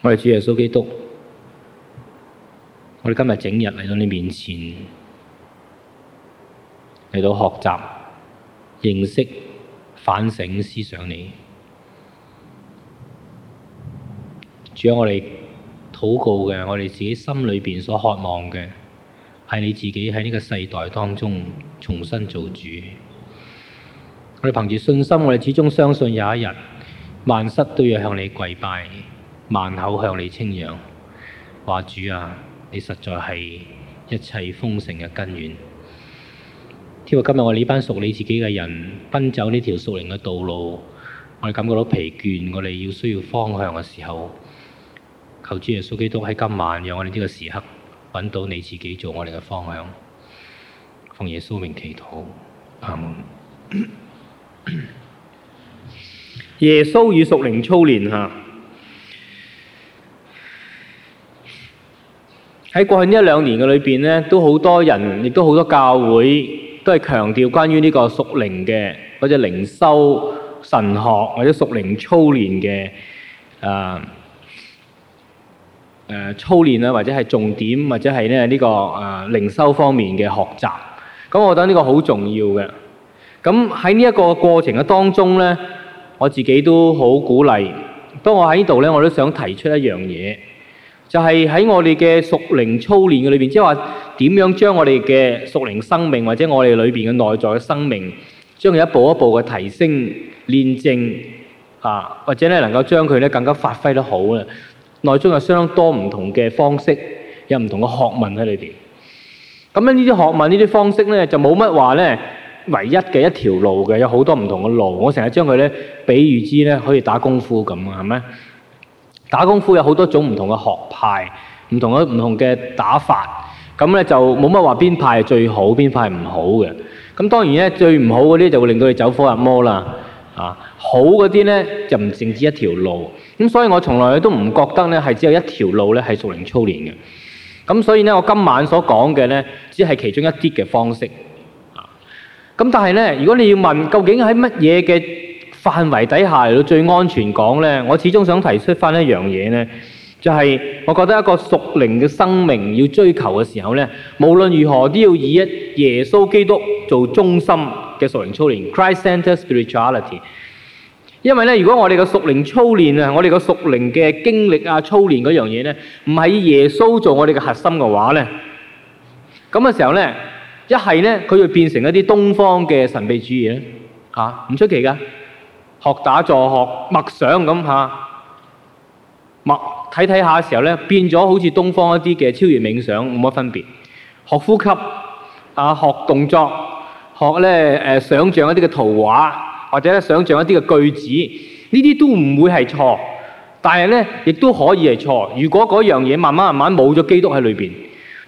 我哋主耶穌基督，我哋今日整日嚟到你面前，嚟到學習、認識、反省、思想你。主要我哋禱告嘅，我哋自己心裏面所渴望嘅，係你自己喺呢個世代當中重新做主。我哋憑住信心，我哋始終相信有一日，萬膝都要向你跪拜。萬口向你稱揚，話主啊，你實在係一切豐盛嘅根源。天父，今日我哋呢班屬你自己嘅人，奔走呢條屬靈嘅道路，我哋感覺到疲倦，我哋要需要方向嘅時候，求主耶穌基督喺今晚，讓我哋呢個時刻揾到你自己做我哋嘅方向。奉耶穌名祈禱，阿門。耶穌與屬靈操練下。喺過去呢一兩年嘅裏邊咧，都好多人，亦都好多教會都係強調關於呢個屬靈嘅、嗰個、或者「靈修神學或者屬靈操練嘅誒誒操練啦，或者係重點，或者係咧呢個誒、呃、靈修方面嘅學習。咁我覺得呢個好重要嘅。咁喺呢一個過程嘅當中咧，我自己都好鼓勵。當我喺呢度咧，我都想提出一樣嘢。就係,喺我哋嘅屬靈操練嘅裏面,即係話,點樣將我哋嘅屬靈生命,或者我哋裏面嘅內在嘅生命,將佢一步一步嘅提升,練證,啊,或者呢,能夠將佢呢,更加發揮得好。內中有相當多唔同嘅方式,有唔同嘅學問喺裏面。咁樣呢啲學問,呢啲方式呢,就冇乜話呢,唯一嘅一條路嘅,有好多唔同嘅路。我成日將佢呢,比喻之呢,可以打功夫咁,係咩?打功夫有好多種唔同嘅學派，唔同嘅唔同嘅打法，咁咧就冇乜話邊派係最好，邊派係唔好嘅。咁當然咧，最唔好嗰啲就會令到你走火入魔啦。啊，好嗰啲咧就唔淨止一條路。咁所以我從來都唔覺得咧係只有一條路咧係屬靈操練嘅。咁所以咧，我今晚所講嘅咧只係其中一啲嘅方式。咁但係咧，如果你要問究竟喺乜嘢嘅範圍底下嚟到最安全講呢，我始終想提出翻一樣嘢呢，就係、是、我覺得一個屬靈嘅生命要追求嘅時候呢，無論如何都要以一耶穌基督做中心嘅屬靈操練 （Christ-centred spirituality）。因為呢，如果我哋嘅屬靈操練啊，我哋嘅屬靈嘅經歷啊，操練嗰樣嘢呢，唔係以耶穌做我哋嘅核心嘅話呢，咁嘅時候呢，一係呢，佢要會變成一啲東方嘅神秘主義咧，唔、啊、出奇噶。學打坐、學默想咁嚇，默睇睇下嘅時候咧，變咗好似東方一啲嘅超越冥想冇乜分別。學呼吸、啊學動作、學咧誒想像一啲嘅圖畫，或者想像一啲嘅句子，呢啲都唔會係錯，但係咧亦都可以係錯。如果嗰樣嘢慢慢慢慢冇咗基督喺裏邊。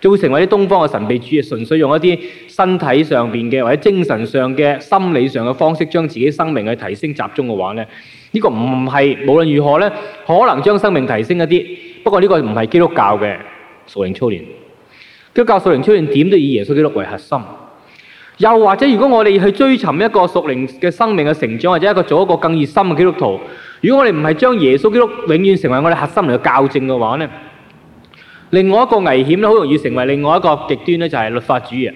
就會成為啲東方嘅神秘主義，純粹用一啲身體上邊嘅或者精神上嘅、心理上嘅方式，將自己生命去提升集中嘅話咧，呢、呢個唔係，無論如何咧，可能將生命提升一啲。不過呢個唔係基督教嘅屬靈操練。基督教屬靈操練點都以耶穌基督為核心。又或者，如果我哋去追尋一個屬靈嘅生命嘅成長，或者一個做一個更熱心嘅基督徒，如果我哋唔係將耶穌基督永遠成為我哋核心嚟嘅校正嘅話咧？另外一個危險咧，好容易成為另外一個極端咧，就係律法主義啊！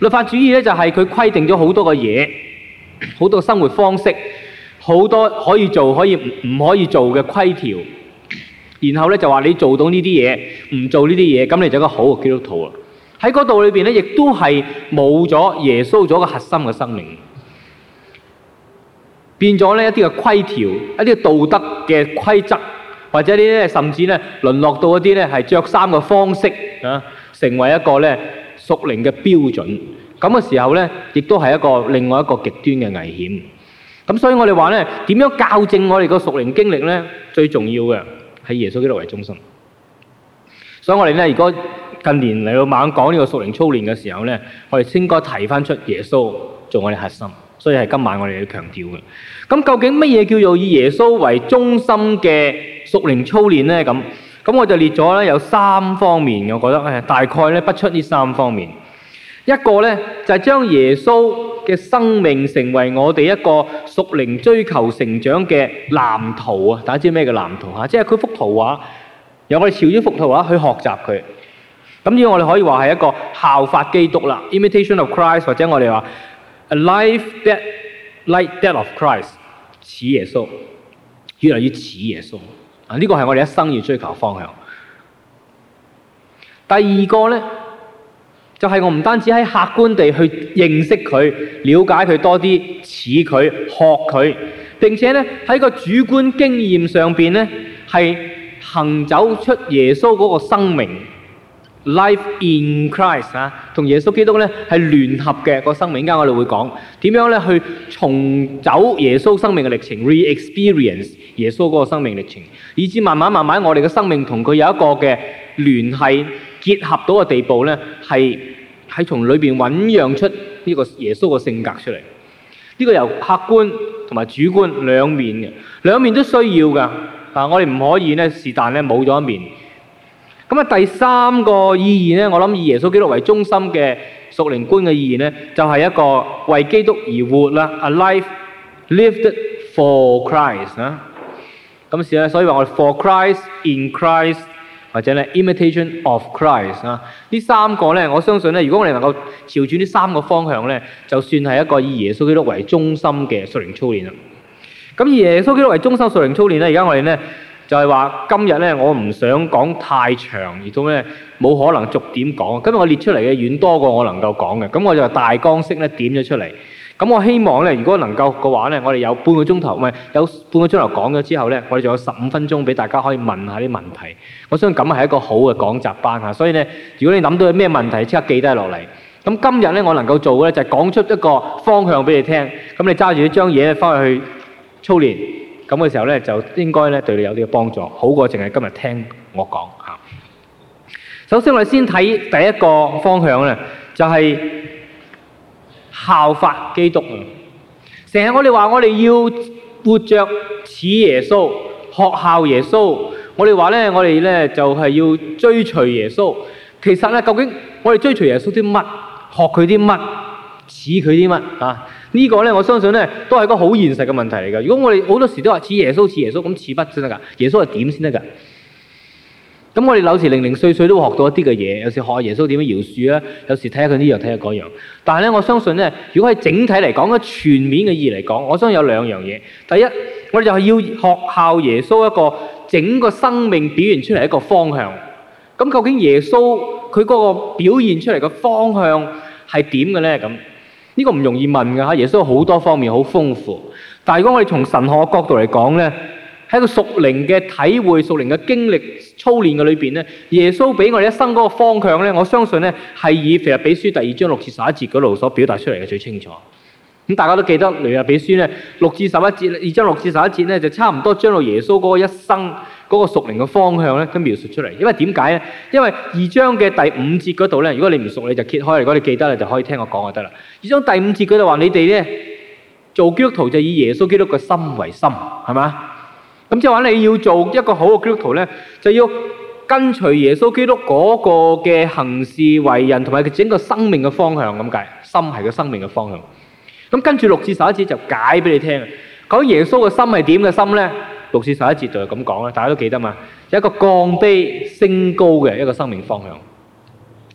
律法主義咧，就係佢規定咗好多個嘢，好多生活方式，好多可以做可以唔可以做嘅規條，然後咧就話你做到呢啲嘢，唔做呢啲嘢，咁你就有一個好嘅基督徒啊！喺嗰度裏邊咧，亦都係冇咗耶穌咗個核心嘅生命，變咗呢一啲嘅規條，一啲道德嘅規則。或者呢啲咧，甚至咧，淪落到一啲咧係著衫嘅方式啊，成為一個咧屬靈嘅標準。咁嘅時候咧，亦都係一個另外一個極端嘅危險。咁所以我哋話咧，點樣校正我哋個屬靈經歷咧，最重要嘅係耶穌基督為中心。所以我哋咧，如果近年嚟到猛講呢個屬靈操練嘅時候咧，我哋先應該提返出耶穌做我哋核心。所以係今晚我哋要強調嘅。咁究竟乜嘢叫做以耶穌為中心嘅？屬靈操練咧咁，咁我就列咗咧有三方面，我覺得咧大概咧不出呢三方面。一個咧就係、是、將耶穌嘅生命成為我哋一個屬靈追求成長嘅藍圖啊！大家知咩叫藍圖啊？即係佢幅圖畫，由我哋朝住幅圖畫去學習佢。咁呢我哋可以話係一個效法基督啦，imitation of Christ，或者我哋話 a life that like that of Christ，似耶穌，越來越似耶穌。這呢個係我哋一生要追求嘅方向。第二個呢，就係、是、我唔單止喺客觀地去認識佢、了解佢多啲、似佢、學佢，並且呢，喺個主觀經驗上面呢，係行走出耶穌嗰個生命。Life in Christ 啊，同耶穌基督咧係聯合嘅嗰個生命。而家我哋會講點樣咧去重走耶穌生命嘅歷程，re-experience 耶穌嗰個生命嘅歷程，以至慢慢慢慢我哋嘅生命同佢有一個嘅聯繫結合到嘅地步咧，係喺從裏邊醖釀出呢個耶穌嘅性格出嚟。呢、呢個由客觀同埋主觀兩面嘅，兩面都需要㗎。啊，我哋唔可以咧是但咧冇咗一面。咁啊，第三個意義咧，我諗以耶穌基督為中心嘅屬靈觀嘅意義咧，就係、是、一個為基督而活啦 A life lived for Christ 啊。咁是咧，所以話我哋 for Christ, in Christ 或者咧 imitation of Christ 啊。呢三個咧，我相信咧，如果我哋能夠朝住呢三個方向咧，就算係一個以耶穌基督為中心嘅屬靈操練啦。咁、啊、以耶穌基督為中心屬靈操練咧，而家我哋咧。就係話今日咧，我唔想講太長，亦都咩冇可能逐點講。今日我列出嚟嘅遠多過我能夠講嘅，咁我就大綱式咧點咗出嚟。咁我希望咧，如果能夠嘅話咧，我哋有半個鐘頭，唔、呃、有半個鐘頭講咗之後咧，我哋仲有十五分鐘俾大家可以問下啲問題。我相信咁係一個好嘅講習班嚇，所以咧，如果你諗到有咩問題，即刻記低落嚟。咁今日咧，我能夠做嘅咧就係講出一個方向俾你聽。咁你揸住呢張嘢翻去去操練。咁嘅時候咧，就應該咧對你有啲幫助，好過淨係今日聽我講吓。首先，我哋先睇第一個方向咧，就係、是、效法基督。成日我哋話我哋要活着似耶穌，學效耶穌。我哋話咧，我哋咧就係要追隨耶穌。其實咧，究竟我哋追隨耶穌啲乜？學佢啲乜？似佢啲乜啊？呢、這個呢，我相信呢，都係一個好現實嘅問題嚟噶。如果我哋好多時都話似耶穌似耶穌，咁似不先得噶，耶穌係點先得噶？咁我哋有時零零碎碎都會學到一啲嘅嘢，有時學下耶穌點樣饒恕啊，有時睇下佢呢樣睇下嗰樣。但係呢，我相信呢，如果係整體嚟講嘅全面嘅意義嚟講，我相信有兩樣嘢。第一，我哋就係要學效耶穌一個整個生命表現出嚟一個方向。咁究竟耶穌佢嗰個表現出嚟嘅方向係點嘅呢？咁？呢個唔容易問㗎嚇，耶穌好多方面好豐富。但係如果我哋從神學角度嚟講咧，喺個屬靈嘅體會、屬靈嘅經歷、操練嘅裏邊咧，耶穌俾我哋一生嗰個方向咧，我相信咧係以腓立比書第二章六至十一節嗰度所表達出嚟嘅最清楚。咁大家都記得腓立比書咧六至十一節，二章六至十一節咧就差唔多將到耶穌嗰個一生。嗰個屬靈嘅方向咧，都描述出嚟。因為點解咧？因為二章嘅第五節嗰度咧，如果你唔熟，你就揭開；如果你記得咧，就可以聽我講就得啦。二章第五節嗰度話：你哋咧做基督徒就以耶穌基督嘅心為心，係嘛？咁即係話你要做一個好嘅基督徒咧，就要跟隨耶穌基督嗰個嘅行事為人同埋佢整個生命嘅方向咁解。心係個生命嘅方向。咁跟住六至十一節就解俾你聽啊！講耶穌嘅心係點嘅心咧？六四十一節就係咁講咧，大家都記得嘛。有一個降卑升高嘅一個生命方向，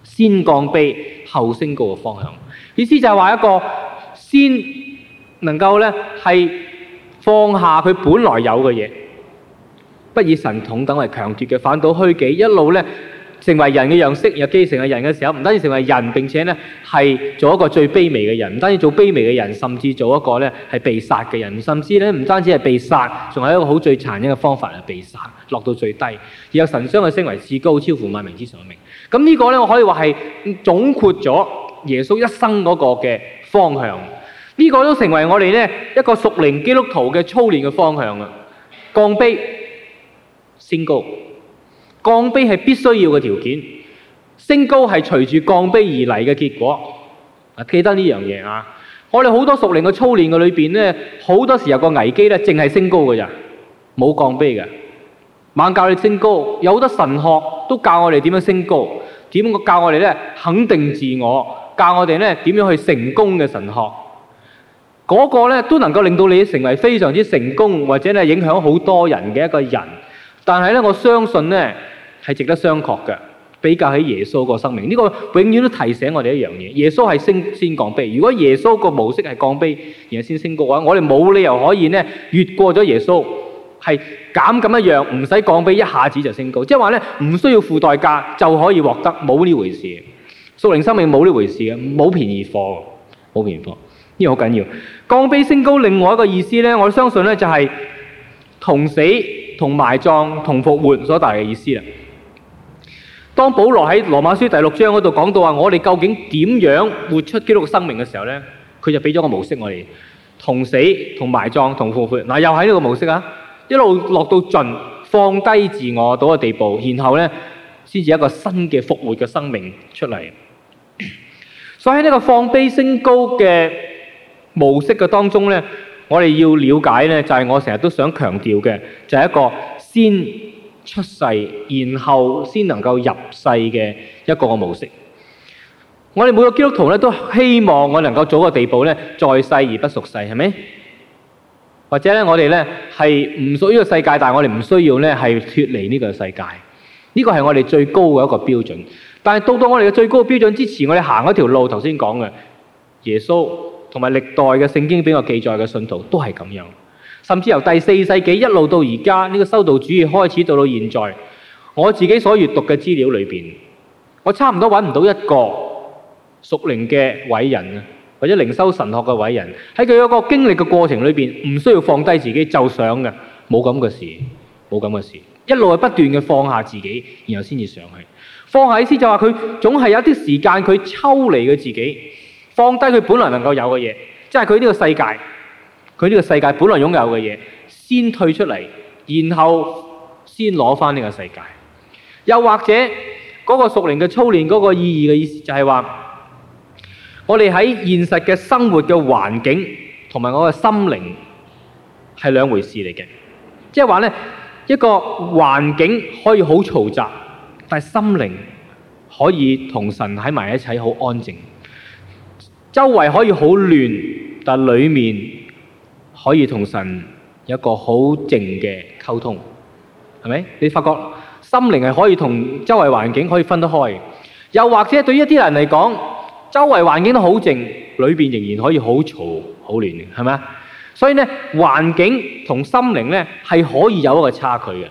先降卑後升高嘅方向，意思就係話一個先能夠咧係放下佢本來有嘅嘢，不以神同等為強奪嘅，反倒虛己一路咧，成為人嘅樣式，又既成為人嘅時候，唔單止成為人，並且呢係做一個最卑微嘅人，唔單止做卑微嘅人，甚至做一個呢係被殺嘅人，甚至呢，唔單止係被殺，仲係一個好最殘忍嘅方法嚟被殺，落到最低。而有神將佢升為至高，超乎萬民之上嘅名。咁呢個呢，我可以話係總括咗耶穌一生嗰個嘅方向。呢、這個都成為我哋呢一個屬靈基督徒嘅操練嘅方向啊！降卑先高。降卑係必須要嘅條件，升高係隨住降卑而嚟嘅結果。記得呢樣嘢啊！我哋好多熟練嘅操練嘅裏邊呢，好多時候個危機呢，淨係升高嘅咋，冇降卑嘅。猛教你升高，有好多神學都教我哋點樣升高，點個教我哋呢，肯定自我，教我哋咧點樣去成功嘅神學，嗰個呢，都能夠令到你成為非常之成功或者咧影響好多人嘅一個人。但係咧，我相信咧係值得商榷嘅。比較起耶穌嗰個生命，呢、這個永遠都提醒我哋一樣嘢：耶穌係升先降卑。如果耶穌個模式係降卑然後先升高嘅話，我哋冇理由可以呢越過咗耶穌係減咁一樣，唔使降卑一下子就升高，即係話咧唔需要付代價就可以獲得，冇呢回事。屬靈生命冇呢回事嘅，冇便宜貨，冇便宜貨呢個好緊要。降卑升高，另外一個意思呢，我相信呢就係同死。同埋葬同復活所帶嚟嘅意思啦。當保羅喺羅馬書第六章嗰度講到話，我哋究竟點樣活出基督嘅生命嘅時候呢，佢就畀咗個模式我哋，同死、同埋葬、同復活。嗱，又喺呢個模式啊，一路落到盡，放低自我到個地步，然後呢，先至一個新嘅復活嘅生命出嚟。所以喺呢個放低升高嘅模式嘅當中呢。我哋要了解呢，就係我成日都想強調嘅，就係一個先出世，然後先能夠入世嘅一個模式。我哋每個基督徒呢，都希望我能夠早個地步呢，在世而不屬世，係咪？或者呢，我哋呢係唔屬於個世界，但係我哋唔需要呢係脫離呢個世界。呢、這個係我哋最高嘅一個標準。但係到到我哋嘅最高標準之前，我哋行一條路。頭先講嘅耶穌。同埋歷代嘅聖經俾我記載嘅信徒都係咁樣，甚至由第四世紀一路到而家呢個修道主義開始到到現在，我自己所閱讀嘅資料裏面，我差唔多揾唔到一個屬靈嘅偉人啊，或者靈修神學嘅偉人喺佢有個經歷嘅過程裏面，唔需要放低自己就上嘅，冇咁嘅事，冇咁嘅事，一路係不斷嘅放下自己，然後先至上去。放下意思就話佢總係有啲時間佢抽離佢自己。降低佢本來能夠有嘅嘢，即係佢呢個世界，佢呢個世界本來擁有嘅嘢，先退出嚟，然後先攞翻呢個世界。又或者嗰、那個屬靈嘅操練嗰個意義嘅意思就是說，就係話我哋喺現實嘅生活嘅環境同埋我嘅心靈係兩回事嚟嘅，即係話呢，一個環境可以好嘈雜，但係心靈可以同神喺埋一齊好安靜，周圍可以好亂，但裏面可以同神有一個好靜嘅溝通，係咪？你發覺心靈係可以同周圍環境可以分得開，又或者對一啲人嚟講，周圍環境都好靜，裏邊仍然可以好嘈好亂，係咪？所以呢，環境同心靈呢係可以有一個差距嘅，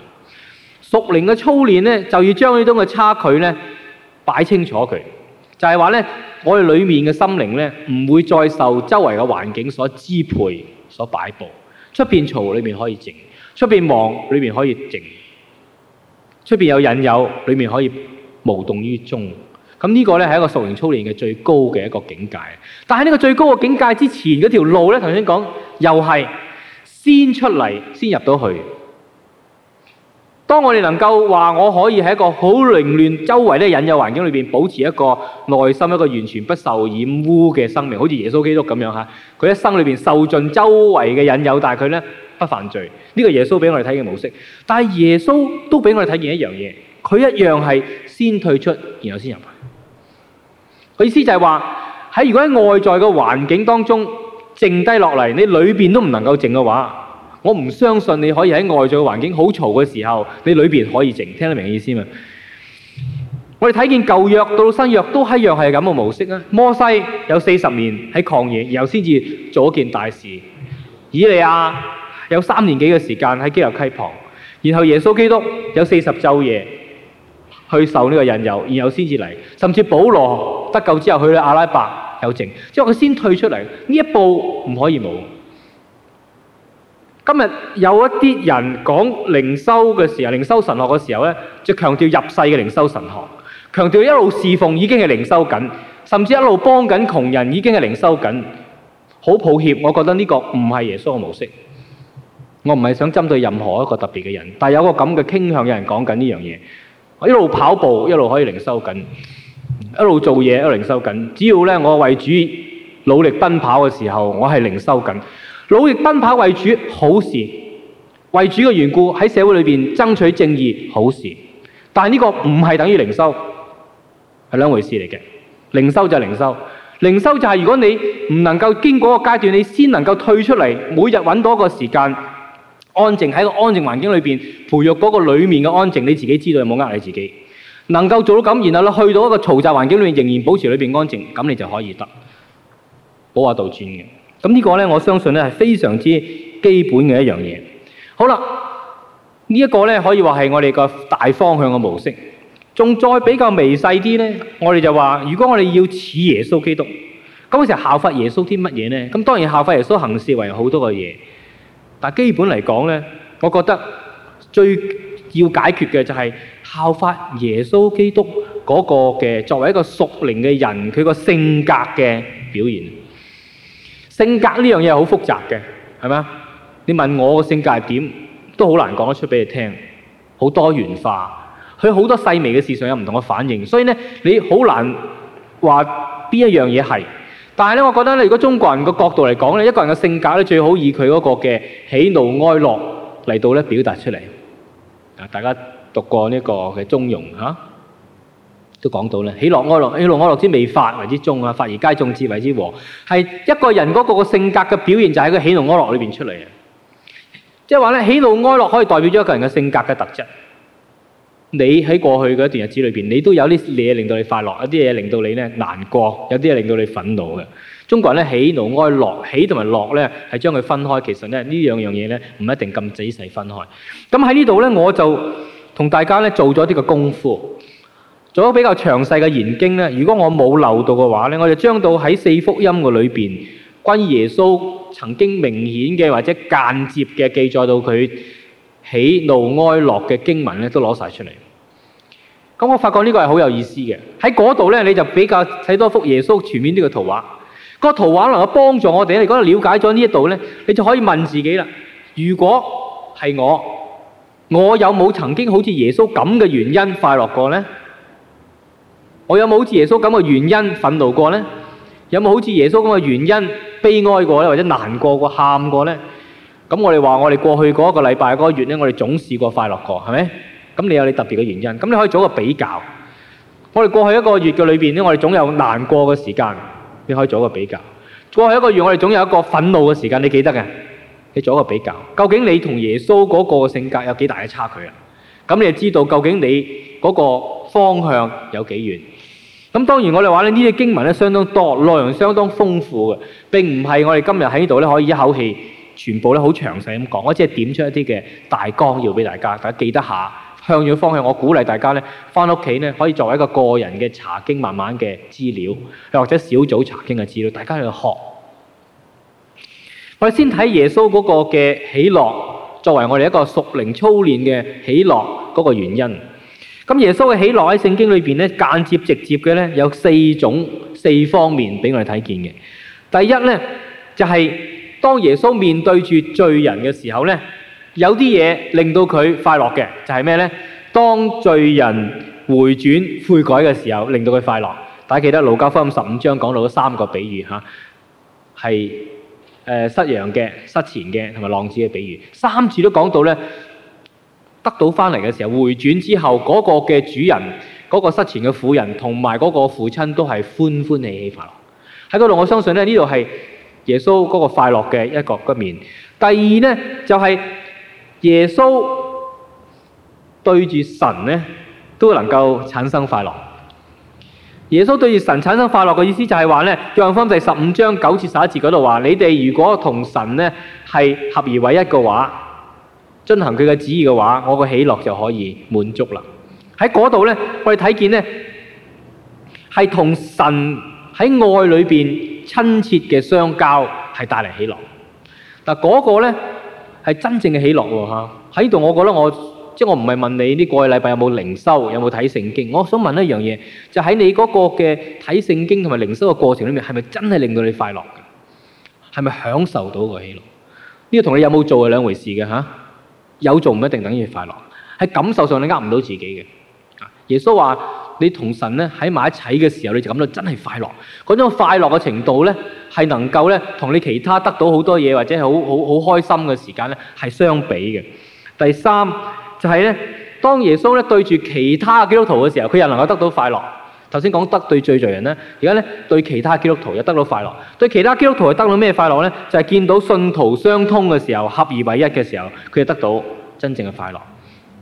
屬靈嘅操練呢，就要將呢種嘅差距呢擺清楚佢。就係話呢，我哋裏面嘅心靈呢，唔會再受周圍嘅環境所支配所擺佈、所擺佈。出邊嘈裏面可以靜，出邊忙裏面可以靜，出邊有引誘裏面可以無動於衷。咁、這、呢個呢，係一個屬靈操練嘅最高嘅一個境界。但係呢個最高嘅境界之前，嗰條路呢，頭先講又係先出嚟先入到去。當我哋能夠話，我可以喺一個好凌亂周圍嘅引誘環境裏邊保持一個內心一個完全不受染污嘅生命，好似耶穌基督咁樣吓，佢一生裏邊受盡周圍嘅引誘，但係佢呢，不犯罪。呢、這個耶穌俾我哋睇嘅模式，但係耶穌都俾我哋睇見一樣嘢，佢一樣係先退出然後先入。佢意思就係話喺如果喺外在嘅環境當中靜低落嚟，你裏邊都唔能夠靜嘅話。我唔相信你可以喺外在環境好嘈嘅時候，你裏面可以靜，聽得明意思嘛？我哋睇見舊約到新約都一樣係咁嘅模式啊！摩西有四十年喺曠野，然後先至做一件大事；以利亞有三年幾嘅時間喺基立溪旁，然後耶穌基督有四十晝夜去受呢個引誘，然後先至嚟。甚至保羅得救之後去阿拉伯有靜，之後佢先退出嚟，呢一步唔可以冇。今日有一啲人講靈修嘅時候，靈修神學嘅時候呢，就強調入世嘅靈修神學，強調一路侍奉已經係靈修緊，甚至一路幫緊窮人已經係靈修緊。好抱歉，我覺得呢個唔係耶穌嘅模式。我唔係想針對任何一個特別嘅人，但係有個咁嘅傾向，有人講緊呢樣嘢。我一路跑步一路可以靈修緊，一路做嘢一路靈修緊。只要呢，我為主努力奔跑嘅時候，我係靈修緊。努力奔跑為主，好事為主嘅緣故，喺社會裏邊爭取正義，好事。但係呢個唔係等於靈修，係兩回事嚟嘅。靈修就係靈修，靈修就係如果你唔能夠經過個階段，你先能夠退出嚟，每日揾到一個時間，安靜喺個安靜環境裏邊培育嗰個裏面嘅安靜，你自己知道沒有冇呃你自己。能夠做到咁，然後你去到一個嘈雜環境裏面，仍然保持裏邊安靜，咁你就可以得，冇話倒轉嘅。咁、這、呢個呢，我相信呢係非常之基本嘅一樣嘢。好啦，呢一個呢可以話係我哋個大方向嘅模式。仲再比較微細啲呢，我哋就話如果我哋要似耶穌基督，咁其實效法耶穌啲乜嘢呢？咁當然效法耶穌行事為好多個嘢，但基本嚟講呢，我覺得最要解決嘅就係效法耶穌基督嗰個嘅作為一個屬靈嘅人，佢個性格嘅表現。性格呢樣嘢係好複雜嘅，係咪啊？你問我個性格係點，都好難講得出俾你聽，好多元化。佢好多細微嘅事上有唔同嘅反應，所以咧你好難話邊一樣嘢係。但係咧，我覺得咧，如果中國人個角度嚟講咧，一個人嘅性格咧，最好以佢嗰個嘅喜怒哀樂嚟到咧表達出嚟。大家讀過呢個嘅中庸吓？啊都講到咧，喜怒哀樂，喜怒哀樂之未發為之中啊，發而皆中節為之和。係一個人嗰個個性格嘅表現，就喺個喜怒哀樂裏面出嚟。即係話咧，喜怒哀樂可以代表咗一個人嘅性格嘅特質。你喺過去嘅一段日子裏面，你都有啲嘢令到你快樂，有啲嘢令到你咧難過，有啲嘢令到你憤怒嘅。中國人咧，喜怒哀樂，喜同埋樂咧，係將佢分開。其實咧，呢兩樣嘢咧，唔一定咁仔細分開。咁喺呢度咧，我就同大家咧做咗啲嘅功夫。做咗比較詳細嘅研經咧，如果我冇漏到嘅話咧，我就將到喺四福音嘅裏面關於耶穌曾經明顯嘅或者間接嘅記載到佢喜怒哀樂嘅經文咧，都攞晒出嚟。咁我發覺呢個係好有意思嘅。喺嗰度咧，你就比較睇多幅耶穌全面呢個圖畫。個圖畫能夠幫助我哋咧，嗰度了解咗呢一度咧，你就可以問自己啦：如果係我，我有冇曾經好似耶穌咁嘅原因快樂過咧？我有冇好似耶穌咁嘅原因憤怒過呢？有冇好似耶穌咁嘅原因悲哀過呢？或者難過過、喊過呢？咁我哋話我哋過去嗰一個禮拜、嗰個月呢，我哋總試過快樂過，係咪？咁你有你特別嘅原因，咁你可以做一個比較。我哋過去一個月嘅裏邊呢，我哋總有難過嘅時間，你可以做一個比較。過去一個月我哋總有一個憤怒嘅時間，你記得嘅？你做一個比較，究竟你同耶穌嗰個性格有幾大嘅差距啊？咁你就知道究竟你嗰個方向有幾遠。咁當然我哋話呢，呢啲經文咧相當多，內容相當豐富嘅，並唔係我哋今日喺度咧可以一口氣全部咧好詳細咁講，我只係點出一啲嘅大綱要俾大家，大家記得下向咗方向。我鼓勵大家咧，翻屋企咧可以作為一個個人嘅查經慢慢嘅資料，又或者小組查經嘅資料，大家去學。我哋先睇耶穌嗰個嘅喜樂，作為我哋一個屬靈操練嘅喜樂嗰個原因。咁耶穌嘅喜樂喺聖經裏邊咧，間接直接嘅咧有四種四方面俾我哋睇見嘅。第一咧就係當耶穌面對住罪人嘅時候咧，有啲嘢令到佢快樂嘅就係咩咧？當罪人回轉悔改嘅時候，令到佢快樂。大家記得路加福音十五章講到咗三個比喻嚇，係誒失羊嘅、失錢嘅同埋浪子嘅比喻，三次都講到咧。得到翻嚟嘅時候，回轉之後，嗰、那個嘅主人、嗰、那個失前嘅婦人同埋嗰個父親都係歡歡喜喜快樂。喺嗰度，我相信咧呢度係耶穌嗰個快樂嘅一個一面。第二呢，就係、是、耶穌對住神呢都能夠產生快樂。耶穌對住神產生快樂嘅意思就係話呢，約翰福音第十五章九至十一節嗰度話：你哋如果同神呢係合而為一嘅話。進行佢嘅旨意嘅話，我個喜樂就可以滿足啦。喺嗰度呢，我哋睇見呢係同神喺愛裏邊親切嘅相交，係帶嚟喜樂。嗱，嗰個呢係真正嘅喜樂喎！嚇，喺度，我覺得我即係、就是、我唔係問你呢個禮拜有冇靈修，有冇睇聖經。我想問一樣嘢，就喺、是、你嗰個嘅睇聖經同埋靈修嘅過程裏面，係咪真係令到你快樂嘅？係咪享受到個喜樂？呢、這個同你有冇做係兩回事嘅嚇。有做唔一定等於快樂，喺感受上你呃唔到自己嘅。耶穌話：你同神咧喺埋一齊嘅時候，你就感到真係快樂。嗰種快樂嘅程度咧，係能夠咧同你其他得到好多嘢或者係好好好開心嘅時間咧係相比嘅。第三就係、是、咧，當耶穌咧對住其他嘅基督徒嘅時候，佢又能夠得到快樂。頭先講得對罪罪人咧，而家咧對其他基督徒又得到快樂，對其他基督徒又得到咩快樂咧？就係、是、見到信徒相通嘅時候，合二為一嘅時候，佢就得到真正嘅快樂。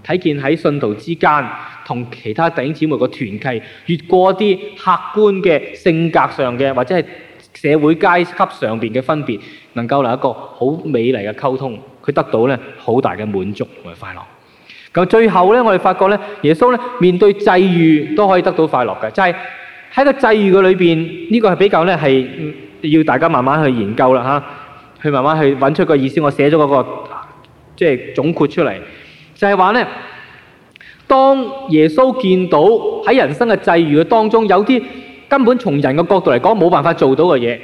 睇見喺信徒之間同其他弟兄姊妹嘅團契，越過一啲客觀嘅性格上嘅或者係社會階級上面嘅分別，能夠留一個好美麗嘅溝通，佢得到咧好大嘅滿足同埋快樂。咁最後咧，我哋發覺咧，耶穌咧面對際遇都可以得到快樂嘅，就係喺個際遇嘅裏面，呢個係比較咧係要大家慢慢去研究啦吓，去慢慢去揾出個意思。我寫咗嗰個即係總括出嚟，就係話咧，當耶穌見到喺人生嘅際遇嘅當中，有啲根本從人嘅角度嚟講冇辦法做到嘅嘢，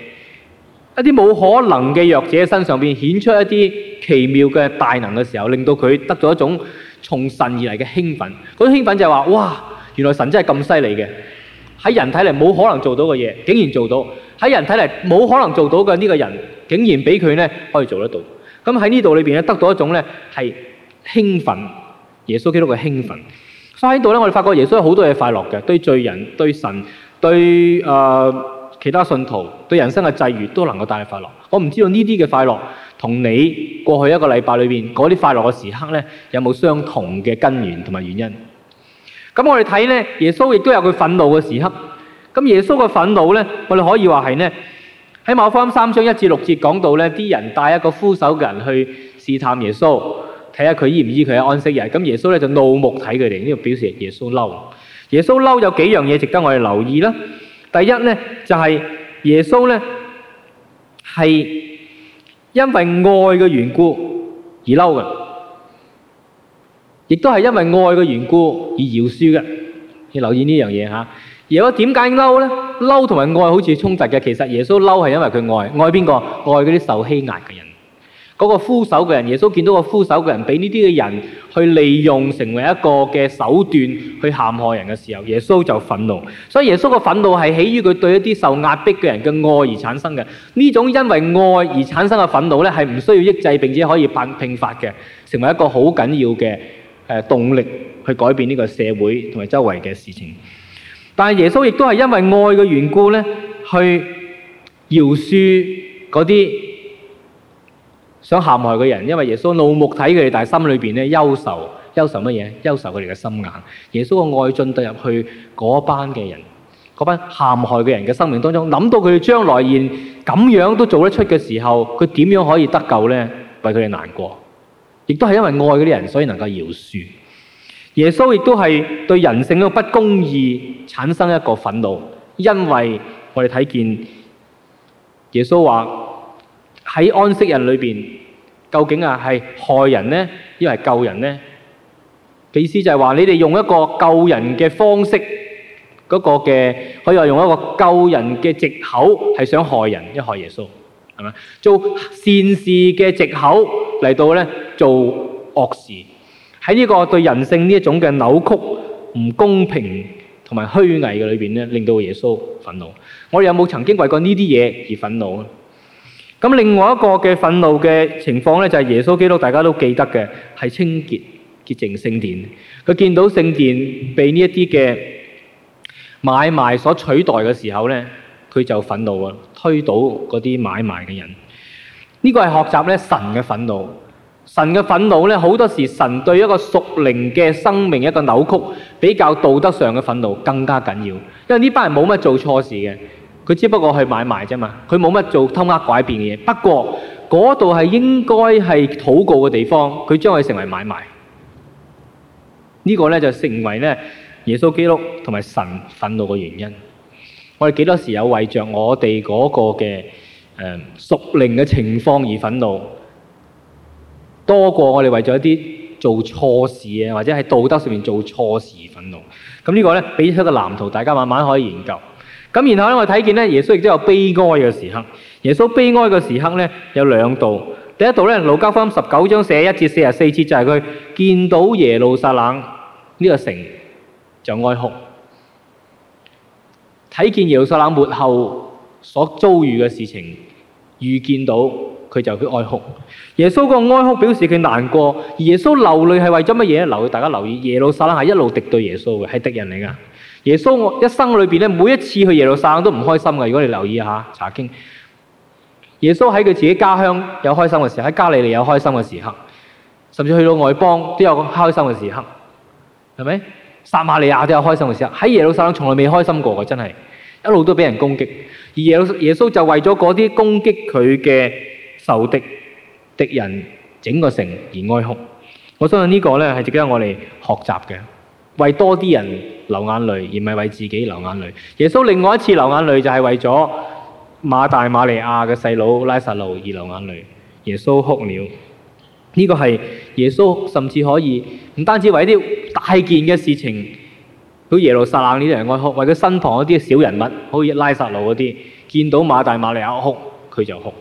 一啲冇可能嘅弱者身上邊顯出一啲奇妙嘅大能嘅時候，令到佢得到一種，從神而嚟嘅興奮，嗰種興奮就係話：哇，原來神真係咁犀利嘅！喺人睇嚟冇可能做到嘅嘢，竟然做到；喺人睇嚟冇可能做到嘅呢個人，竟然俾佢呢可以做得到。咁喺呢度裏邊咧，得到一種呢係興奮，耶穌基督嘅興奮。所以喺度咧，我哋發覺耶穌有好多嘢快樂嘅，對罪人、對神、對誒、呃、其他信徒、對人生嘅際遇，都能夠帶來快樂。我唔知道呢啲嘅快樂。同你過去一個禮拜裏邊嗰啲快樂嘅時刻呢，有冇相同嘅根源同埋原因？咁我哋睇呢，耶穌亦都有佢憤怒嘅時刻。咁耶穌嘅憤怒呢，我哋可以話係呢，喺馬可福音三章一至六節講到呢啲人帶一個枯手嘅人去試探耶穌，睇下佢醫唔醫佢喺安息日。咁耶穌呢，就怒目睇佢哋，呢度表示耶穌嬲。耶穌嬲有幾樣嘢值得我哋留意啦。第一呢，就係、是、耶穌呢。係。因為愛嘅緣故而嬲嘅，亦都係因為愛嘅緣故而饒恕嘅。你留意呢樣嘢吓，而家點解嬲咧？嬲同埋愛好似衝突嘅。其實耶穌嬲係因為佢愛，愛邊個？愛嗰啲受欺壓嘅人。嗰、那個枯手嘅人，耶穌見到個枯手嘅人俾呢啲嘅人去利用成為一個嘅手段去陷害人嘅時候，耶穌就憤怒。所以耶穌嘅憤怒係起於佢對一啲受壓迫嘅人嘅愛而產生嘅。呢種因為愛而產生嘅憤怒咧，係唔需要抑制並且可以辦迸發嘅，成為一個好緊要嘅誒動力去改變呢個社會同埋周圍嘅事情。但係耶穌亦都係因為愛嘅緣故咧，去饒恕嗰啲。想陷害嘅人，因為耶穌怒目睇佢哋，但係心裏邊咧憂愁，憂愁乜嘢？憂愁佢哋嘅心硬，耶穌嘅愛進對入去嗰班嘅人，嗰班陷害嘅人嘅生命當中，諗到佢哋將來現咁樣都做得出嘅時候，佢點樣可以得救咧？為佢哋難過，亦都係因為愛嗰啲人，所以能夠饒恕。耶穌亦都係對人性嘅不公義產生一個憤怒，因為我哋睇見耶穌話。喺安息人裏邊，究竟啊係害人呢，抑或係救人呢？嘅意思就係話，你哋用一個救人嘅方式，嗰、那個嘅，可以又用一個救人嘅藉口，係想害人，一害耶穌，係咪？做善事嘅藉口嚟到呢，做惡事。喺呢個對人性呢一種嘅扭曲、唔公平同埋虛偽嘅裏邊，呢令到耶穌憤怒。我哋有冇曾經為過呢啲嘢而憤怒啊？咁另外一個嘅憤怒嘅情況咧，就係耶穌基督大家都記得嘅，係清潔潔淨聖殿。佢見到聖殿被呢一啲嘅買賣所取代嘅時候咧，佢就憤怒啊，推倒嗰啲買賣嘅人。呢個係學習咧神嘅憤怒。神嘅憤怒咧，好多時，神對一個屬靈嘅生命一個扭曲，比較道德上嘅憤怒更加緊要，因為呢班人冇乜做錯事嘅。佢只不過係買賣啫嘛，佢冇乜做偷呃拐騙嘅嘢。不過嗰度係應該係禱告嘅地方，佢將佢成為買賣。這個、呢個咧就成為咧耶穌基督同埋神憤怒嘅原因。我哋幾多時有為着我哋嗰個嘅誒屬靈嘅情況而憤怒，多過我哋為咗一啲做錯事啊，或者喺道德上面做錯事而憤怒？咁呢個咧俾出個藍圖，大家慢慢可以研究。咁然後咧，我睇見咧，耶穌亦都有悲哀嘅時刻。耶穌悲哀嘅時刻咧，有兩度。第一度咧，《路加福音》十九章四十一至四十四節，就係佢見到耶路撒冷呢個城就哀哭，睇見耶路撒冷末後所遭遇嘅事情，預見到佢就去哀哭。耶穌個哀哭表示佢難過，而耶穌流淚係為咗乜嘢咧？留大家留意，耶路撒冷係一路敵對耶穌嘅，係敵人嚟噶。耶穌我一生裏面，咧，每一次去耶路撒冷都唔開心嘅。如果你留意一下查經，耶穌喺佢自己家鄉有開心嘅時候，喺加利利有開心嘅時刻，甚至去到外邦都有開心嘅時刻，係咪？撒馬利亞都有開心嘅時候。喺耶路撒冷從來未開心過嘅，真係一路都俾人攻擊。而耶穌耶穌就為咗嗰啲攻擊佢嘅仇敵、敵人整個城而哀哭。我相信呢個呢，係值得我哋學習嘅，為多啲人。流眼淚，而唔係為自己流眼淚。耶穌另外一次流眼淚就係為咗馬大馬利亞嘅細佬拉撒路而流眼淚。耶穌哭了，呢、呢個係耶穌甚至可以唔單止為啲大件嘅事情，佢耶路撒冷呢啲人愛哭，為佢身旁一啲小人物，好似拉撒路嗰啲，見到馬大馬利亞哭，佢就哭。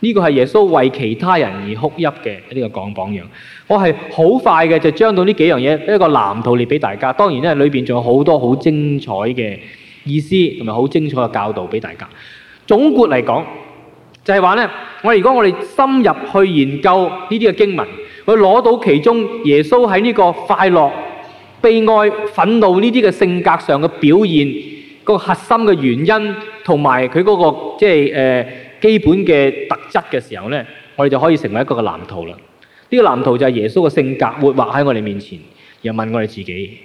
呢個係耶穌為其他人而哭泣嘅一啲個講榜樣，我係好快嘅就將到呢幾樣嘢一個藍圖列俾大家。當然咧，裏邊仲有好多好精彩嘅意思同埋好精彩嘅教導俾大家。總括嚟講，就係話咧，我如果我哋深入去研究呢啲嘅經文，去攞到其中耶穌喺呢個快樂、悲哀、憤怒呢啲嘅性格上嘅表現，個核心嘅原因同埋佢嗰個即係誒。呃基本嘅特質嘅時候呢，我哋就可以成為一個嘅藍圖啦。呢、呢個藍圖就係耶穌嘅性格活畫喺我哋面前，又問我哋自己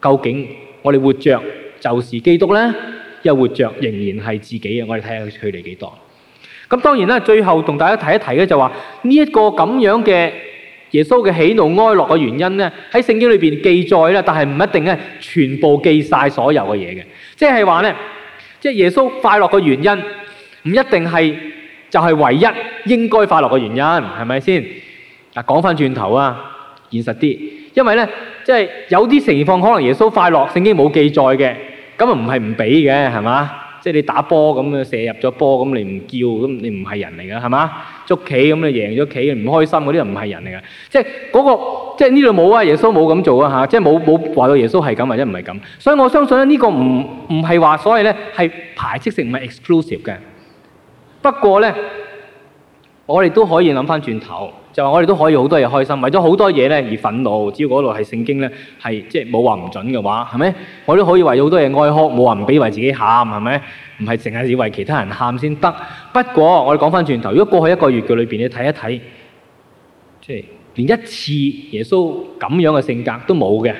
究竟我哋活着就是基督呢？又活着仍然係自己。我哋睇下佢哋幾多。咁當然啦，最後同大家提一提呢，就話呢一個咁樣嘅耶穌嘅喜怒哀樂嘅原因呢，喺聖經裏邊記載啦，但係唔一定係全部記晒所有嘅嘢嘅，即係話呢，即係耶穌快樂嘅原因。唔一定係就係唯一應該快樂嘅原因，係咪先？嗱，講翻轉頭啊，現實啲，因為咧，即係有啲情況可能耶穌快樂，聖經冇記載嘅，咁啊唔係唔俾嘅，係嘛？即係你打波咁啊射入咗波咁，你唔叫咁，你唔係人嚟噶，係嘛？捉棋咁你贏咗棋唔開心嗰啲又唔係人嚟嘅。即係嗰個即係呢度冇啊，耶穌冇咁做啊吓，即係冇冇話到耶穌係咁或者唔係咁，所以我相信咧呢個唔唔係話所謂咧係排斥性唔係 exclusive 嘅。不過呢，我哋都可以諗翻轉頭，就話我哋都可以好多嘢開心，為咗好多嘢呢而憤怒。只要嗰度係聖經呢，係即係冇話唔準嘅話，係咪？我都可以為好多嘢哀哭，冇話唔俾為自己喊，係咪？唔係淨係要為其他人喊先得。不過我哋講翻轉頭，如果過去一個月嘅裏邊，你睇一睇，即係連一次耶穌咁樣嘅性格都冇嘅，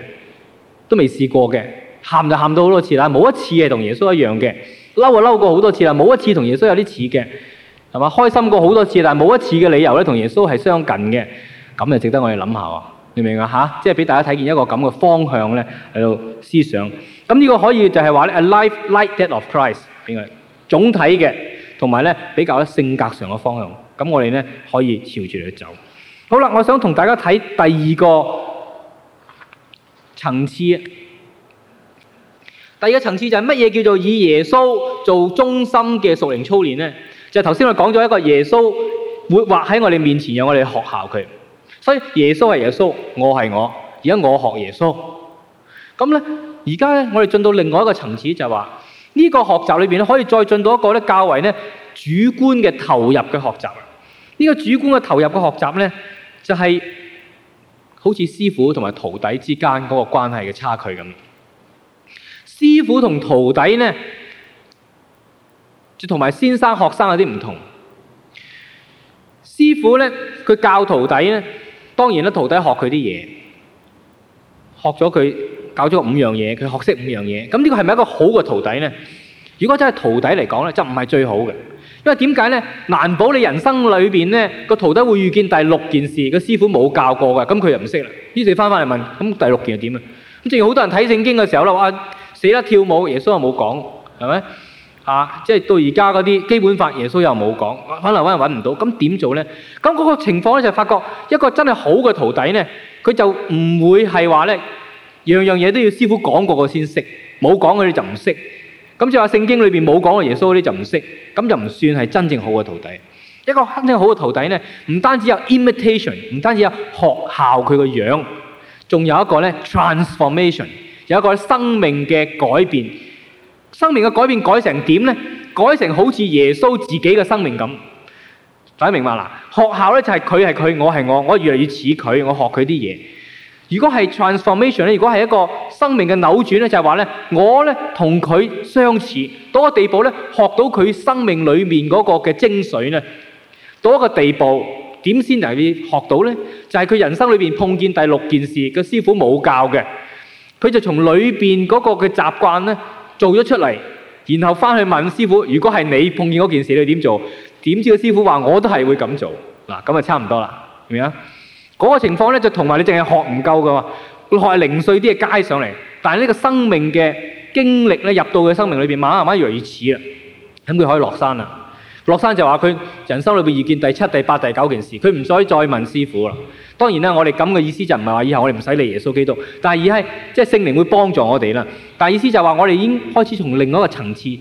都未試過嘅，喊就喊到好多次啦，冇一次係同耶穌一樣嘅。嬲啊，嬲過好多次啦，冇一次同耶穌有啲似嘅，係嘛？開心過好多次，但係冇一次嘅理由咧，同耶穌係相近嘅。咁就值得我哋諗下喎，明唔明啊？吓，即係俾大家睇見一個咁嘅方向咧，喺度思想。咁呢個可以就係話咧，a life like that of Christ，俾佢總體嘅，同埋咧比較咧性格上嘅方向。咁我哋咧可以朝住嚟走。好啦，我想同大家睇第二個層次。第二個層次就係乜嘢叫做以耶穌做中心嘅屬靈操練呢？就頭、是、先我講咗一個耶穌活畫喺我哋面前，有我哋學效佢。所以耶穌係耶穌，我係我，而家我學耶穌。咁呢，而家呢，我哋進到另外一個層次就，就係話呢個學習裏邊咧，可以再進到一個咧較為咧主觀嘅投入嘅學習。呢、這個主觀嘅投入嘅學習呢，就係好似師傅同埋徒弟之間嗰個關係嘅差距咁。師傅同徒弟呢，就同埋先生學生有啲唔同。師傅呢，佢教徒弟呢，當然啦，徒弟學佢啲嘢，學咗佢教咗五樣嘢，佢學識五樣嘢。咁呢個係咪一個好嘅徒弟呢？如果真係徒弟嚟講呢就唔係最好嘅，因為點解呢？難保你人生裏邊呢個徒弟會遇見第六件事，個師傅冇教過㗎，咁佢又唔識啦。於是返返嚟問，咁第六件係點啊？咁正如好多人睇聖經嘅時候啦，死啦！跳舞，耶穌又冇講，係咪啊？即係到而家嗰啲基本法，耶穌又冇講，可能揾嚟揾唔到，咁點做呢？咁嗰個情況咧就發覺一個真係好嘅徒弟呢，佢就唔會係話呢樣樣嘢都要師傅講過個先識，冇講佢哋就唔識。咁就話聖經裏邊冇講嘅耶穌嗰啲就唔識，咁就唔算係真正好嘅徒弟。一個真正好嘅徒弟呢，唔單止有 imitation，唔單止有學效佢個樣，仲有一個呢 transformation。有一個生命嘅改變，生命嘅改變改成點呢？改成好似耶穌自己嘅生命咁。大家明白啦，學校呢就係佢係佢，我係我，我越嚟越似佢，我學佢啲嘢。如果係 transformation，如果係一個生命嘅扭轉呢，就係話呢：我呢同佢相似到個地步呢，學到佢生命裏面嗰個嘅精髓呢，到一個地步點先能夠學到呢？就係、是、佢人生裏邊碰見第六件事，個師傅冇教嘅。佢就從裏面嗰個嘅習慣咧做咗出嚟，然後翻去問師傅：如果係你碰見嗰件事，你點做？點知個師傅話我都係會咁做嗱，咁啊差唔多啦，明唔明啊？嗰、嗰個情況咧就同埋你淨係學唔夠㗎嘛，學係零碎啲嘅街上嚟，但係呢個生命嘅經歷咧入到佢生命裏面，慢慢慢慢越嚟越似啦，咁佢可以落山啦。落山就話佢人生裏面遇見第七、第八、第九件事，佢唔再再問師傅啦。當然啦，我哋咁嘅意思就唔係話以後我哋唔使理耶穌基督，但係而係即係聖靈會幫助我哋啦。但意思就係話我哋已經開始從另外一個層次，嗰、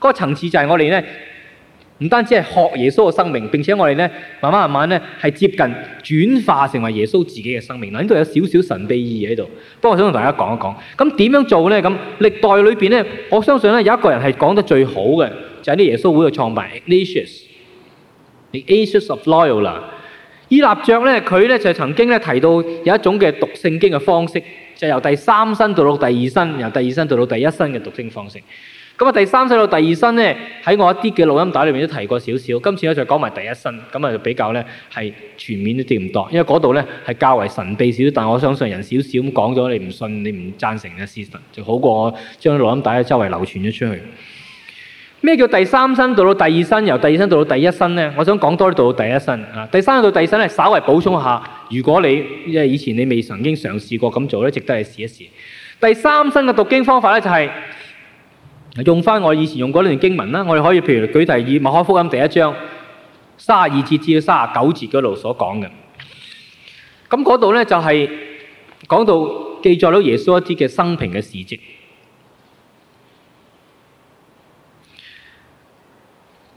嗰個層次就係我哋咧唔單止係學耶穌嘅生命，並且我哋咧慢慢慢慢咧係接近轉化成為耶穌自己嘅生命。嗱呢度有少少神秘意義喺度，不過想同大家講一講。咁點樣做咧？咁歷代裏面咧，我相信咧有一個人係講得最好嘅，就係、是、呢耶穌會嘅創辦 Ignatius, the Ignatius of Loyola 依納爵咧，佢咧就曾經咧提到有一種嘅讀聖經嘅方式，就是、由第三身到到第二身，由第二身到到第一身嘅讀經方式。咁啊，第三身到第二身咧，喺我一啲嘅錄音帶裏面都提過少少。今次咧就講埋第一身，咁啊就比較咧係全面啲啲咁多。因為嗰度咧係較為神秘少少，但我相信人少少咁講咗，你唔信你唔贊成嘅事實，就好過我將錄音帶喺周圍流傳咗出去。咩叫第三身到到第二身，由第二身到到第一身呢？我想講多啲到到第一身啊！第三到第二身咧，稍為補充一下，如果你因為以前你未曾經嘗試過咁做咧，值得你試一試。第三身嘅讀經方法咧，就係用返我以前用嗰段經文啦。我哋可以譬如舉例以馬可福音第一章三十二節至到三十九節嗰度所講嘅。咁嗰度咧就係講到記載到耶穌一啲嘅生平嘅事跡。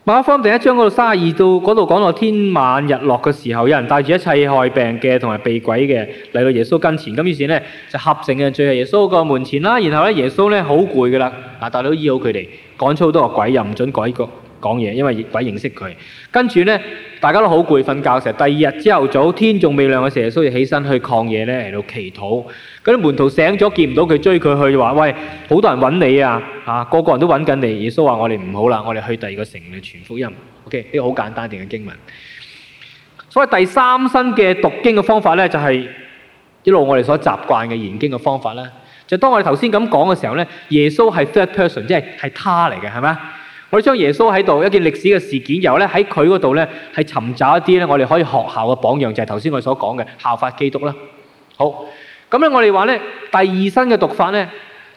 馬可福音第一章嗰度三十二到嗰度講到天晚日落嘅時候，有人帶住一切害病嘅同埋被鬼嘅嚟到耶穌跟前，咁於是呢，就合城嘅最係耶穌個門前啦。然後咧耶穌咧好攰噶啦，但大佬醫好佢哋，趕出好多個鬼，又唔准改過，講嘢，因為鬼認識佢。跟住呢，大家都好攰，瞓覺，成第二日朝頭早，天仲未亮嘅時候，耶穌起身去曠野呢嚟到祈禱。嗰啲門徒醒咗，見唔到佢，追佢去話，喂，好多人揾你啊！嚇、啊，個個人都揾緊你。耶穌話，我哋唔好啦，我哋去第二個城裏傳福音。OK，呢個好簡單定嘅經文。所以第三新嘅讀經嘅方法呢，就係、是、一路我哋所習慣嘅研經嘅方法啦。就是、當我哋頭先咁講嘅時候呢，耶穌係 third person，即係係他嚟嘅，係咪？我哋將耶穌喺度一件歷史嘅事件，由呢咧喺佢嗰度咧，係尋找一啲咧，我哋可以學校嘅榜樣，就係頭先我哋所講嘅效法基督啦。好，咁咧我哋話咧，第二身嘅讀法咧，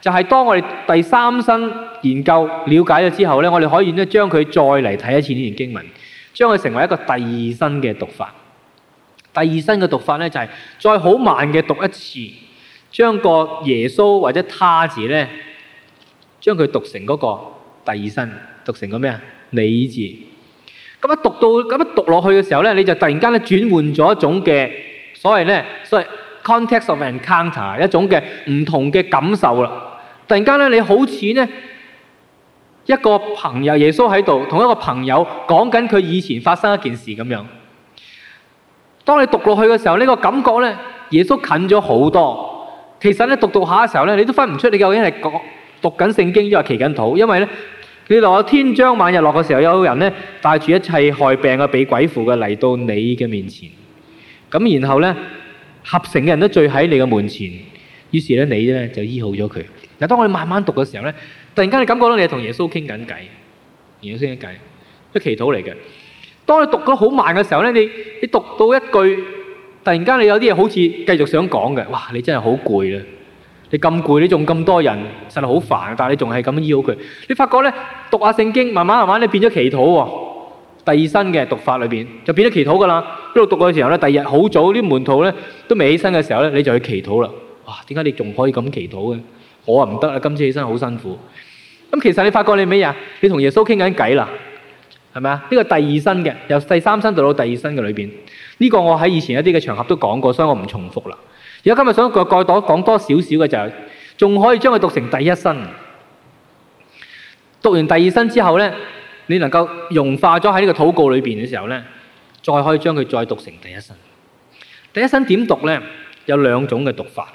就係、是、當我哋第三身研究了解咗之後咧，我哋可以咧將佢再嚟睇一次呢段經文，將佢成為一個第二身嘅讀法。第二身嘅讀法咧就係、是、再好慢嘅讀一次，將個耶穌或者他字咧，將佢讀成嗰個第二身。讀成個咩啊？你字咁樣讀到，咁樣讀落去嘅時候咧，你就突然間咧轉換咗一種嘅所謂咧，所謂 context of encounter 一種嘅唔同嘅感受啦。突然間咧，你好似咧一個朋友耶穌喺度，同一個朋友講緊佢以前發生一件事咁樣。當你讀落去嘅時候，呢個感覺咧，耶穌近咗好多。其實咧，讀讀下嘅時候咧，你都分唔出你究竟係講讀緊聖經，抑或祈緊禱，因為咧。你嚟到天將晚日落嘅時候，有人咧帶住一切害病嘅俾鬼附嘅嚟到你嘅面前，咁然後咧合城嘅人都聚喺你嘅門前，於是咧你咧就醫好咗佢。嗱，當我哋慢慢讀嘅時候咧，突然間你感覺到你係同耶穌傾緊偈，然咗先一偈，一祈禱嚟嘅。當你讀得好慢嘅時候咧，你你讀到一句，突然間你有啲嘢好似繼續想講嘅，哇！你真係好攰啊～你咁攰，你仲咁多人，實係好煩。但係你仲係咁樣醫好佢。你發覺咧，讀下聖經，慢慢慢慢，你變咗祈禱喎。第二身嘅讀法裏邊，就變咗祈禱噶啦。一度讀嘅時候咧，第二日好早，啲門徒咧都未起身嘅時候咧，你就去祈禱啦。哇，點解你仲可以咁祈禱嘅？我話唔得啦，今次起身好辛苦。咁其實你發覺你咩啊？你同耶穌傾緊偈啦，係咪啊？呢、這個第二身嘅，由第三身到到第二身嘅裏邊，呢、這個我喺以前一啲嘅場合都講過，所以我唔重複啦。而家今日想蓋蓋朵講多少少嘅就係，仲可以將佢讀成第一身，讀完第二身之後咧，你能夠融化咗喺呢個禱告裏邊嘅時候咧，再可以將佢再讀成第一身。第一身點讀咧？有兩種嘅讀法。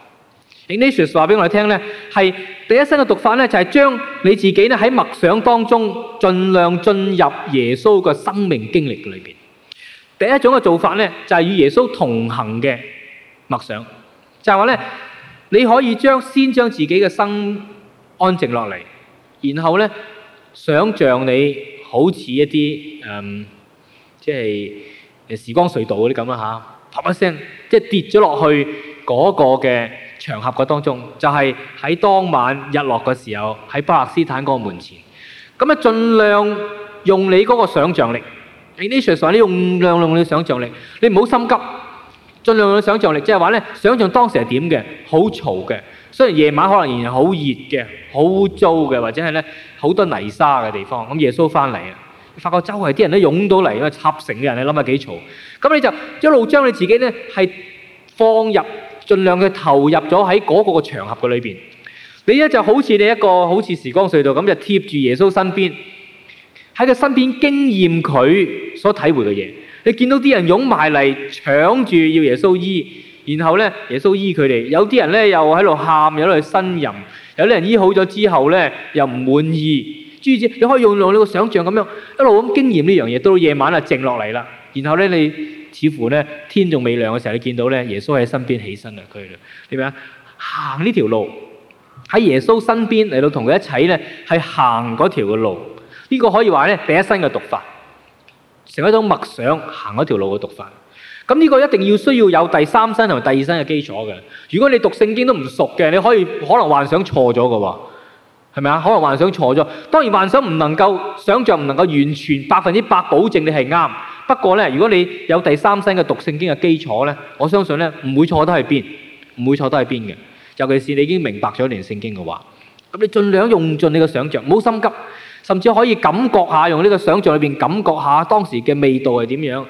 Ignatius 話俾我哋聽咧，係第一身嘅讀法咧，就係將你自己咧喺默想當中，儘量進入耶穌嘅生命經歷裏邊。第一種嘅做法咧，就係與耶穌同行嘅默想。就係話咧，你可以將先將自己嘅心安靜落嚟，然後咧想像你好似一啲誒，即係誒時光隧道嗰啲咁啦，嚇，啪一聲即係跌咗落去嗰個嘅場合，個當中，就係、是、喺當晚日落嘅時候喺巴勒斯坦嗰個門前。咁啊，盡量用你嗰個想像力 i n i t i 上你用量量用你想像力，你唔好心急。盡量嘅想像力，即係話咧，想像當時係點嘅，好嘈嘅。雖然夜晚可能仍然好熱嘅，好污糟嘅，或者係咧好多泥沙嘅地方。咁耶穌翻嚟啊，發覺周圍啲人都湧到嚟，咁啊插成嘅人，你諗下幾嘈。咁你就一路將你自己咧係放入，儘量去投入咗喺嗰個嘅場合嘅裏邊。你咧就好似你一個好似時光隧道咁，就貼住耶穌身邊，喺佢身邊經驗佢所體會嘅嘢。你見到啲人擁埋嚟搶住要耶穌醫，然後咧耶穌醫佢哋，有啲人咧又喺度喊，有啲人呻吟，有啲人醫好咗之後咧又唔滿意。注意住，你可以用用你個想像咁樣一路咁經驗呢樣嘢，到夜晚啊靜落嚟啦，然後咧你似乎咧天仲未亮嘅時候，你見到咧耶穌喺身邊起身啦，佢點樣行呢條路喺耶穌身邊嚟到同佢一齊咧，係行嗰條嘅路。呢、這個可以話咧第一身嘅讀法。成一種默想行一條路嘅讀法，咁呢個一定要需要有第三身同埋第二身嘅基礎嘅。如果你讀聖經都唔熟嘅，你可以可能幻想錯咗嘅喎，係咪啊？可能幻想錯咗。當然幻想唔能夠想像，唔能夠完全百分之百保證你係啱。不過呢，如果你有第三身嘅讀聖經嘅基礎呢，我相信呢唔會錯得喺邊，唔會錯得喺邊嘅。尤其是你已經明白咗一段聖經嘅話，咁你盡量用盡你嘅想像，唔好心急。甚至可以感覺下，用呢個想像裏邊感覺下當時嘅味道係點樣，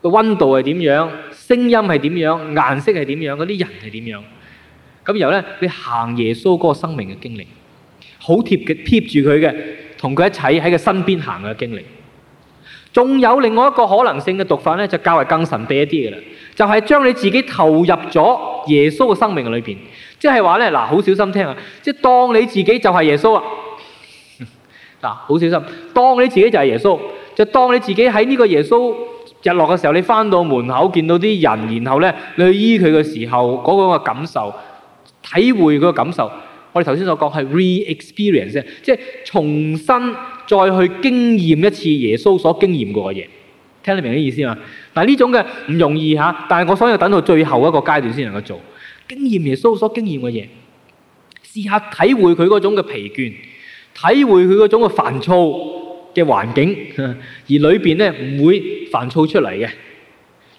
個温度係點樣，聲音係點樣，顏色係點樣，嗰啲人係點樣。咁然後咧，你行耶穌嗰個生命嘅經歷，好貼嘅貼住佢嘅，同佢一齊喺佢身邊行嘅經歷。仲有另外一個可能性嘅讀法咧，就較為更神秘一啲嘅啦，就係將你自己投入咗耶穌嘅生命裏邊，即係話咧嗱，好小心聽啊，即係當你自己就係耶穌啊。嗱、啊，好小心，當你自己就係耶穌，就當你自己喺呢個耶穌日落嘅時候，你翻到門口見到啲人，然後咧你去醫佢嘅時候，嗰、那、種、個、感受、體會嗰個感受，我哋頭先所講係 re-experience，即係重新再去經驗一次耶穌所經驗過嘅嘢，聽得明啲意思嘛？嗱、啊、呢種嘅唔容易吓，但係我想要等到最後一個階段先能夠做經驗耶穌所經驗嘅嘢，試下體會佢嗰種嘅疲倦。體會佢嗰種嘅煩躁嘅環境，而裏邊咧唔會煩躁出嚟嘅。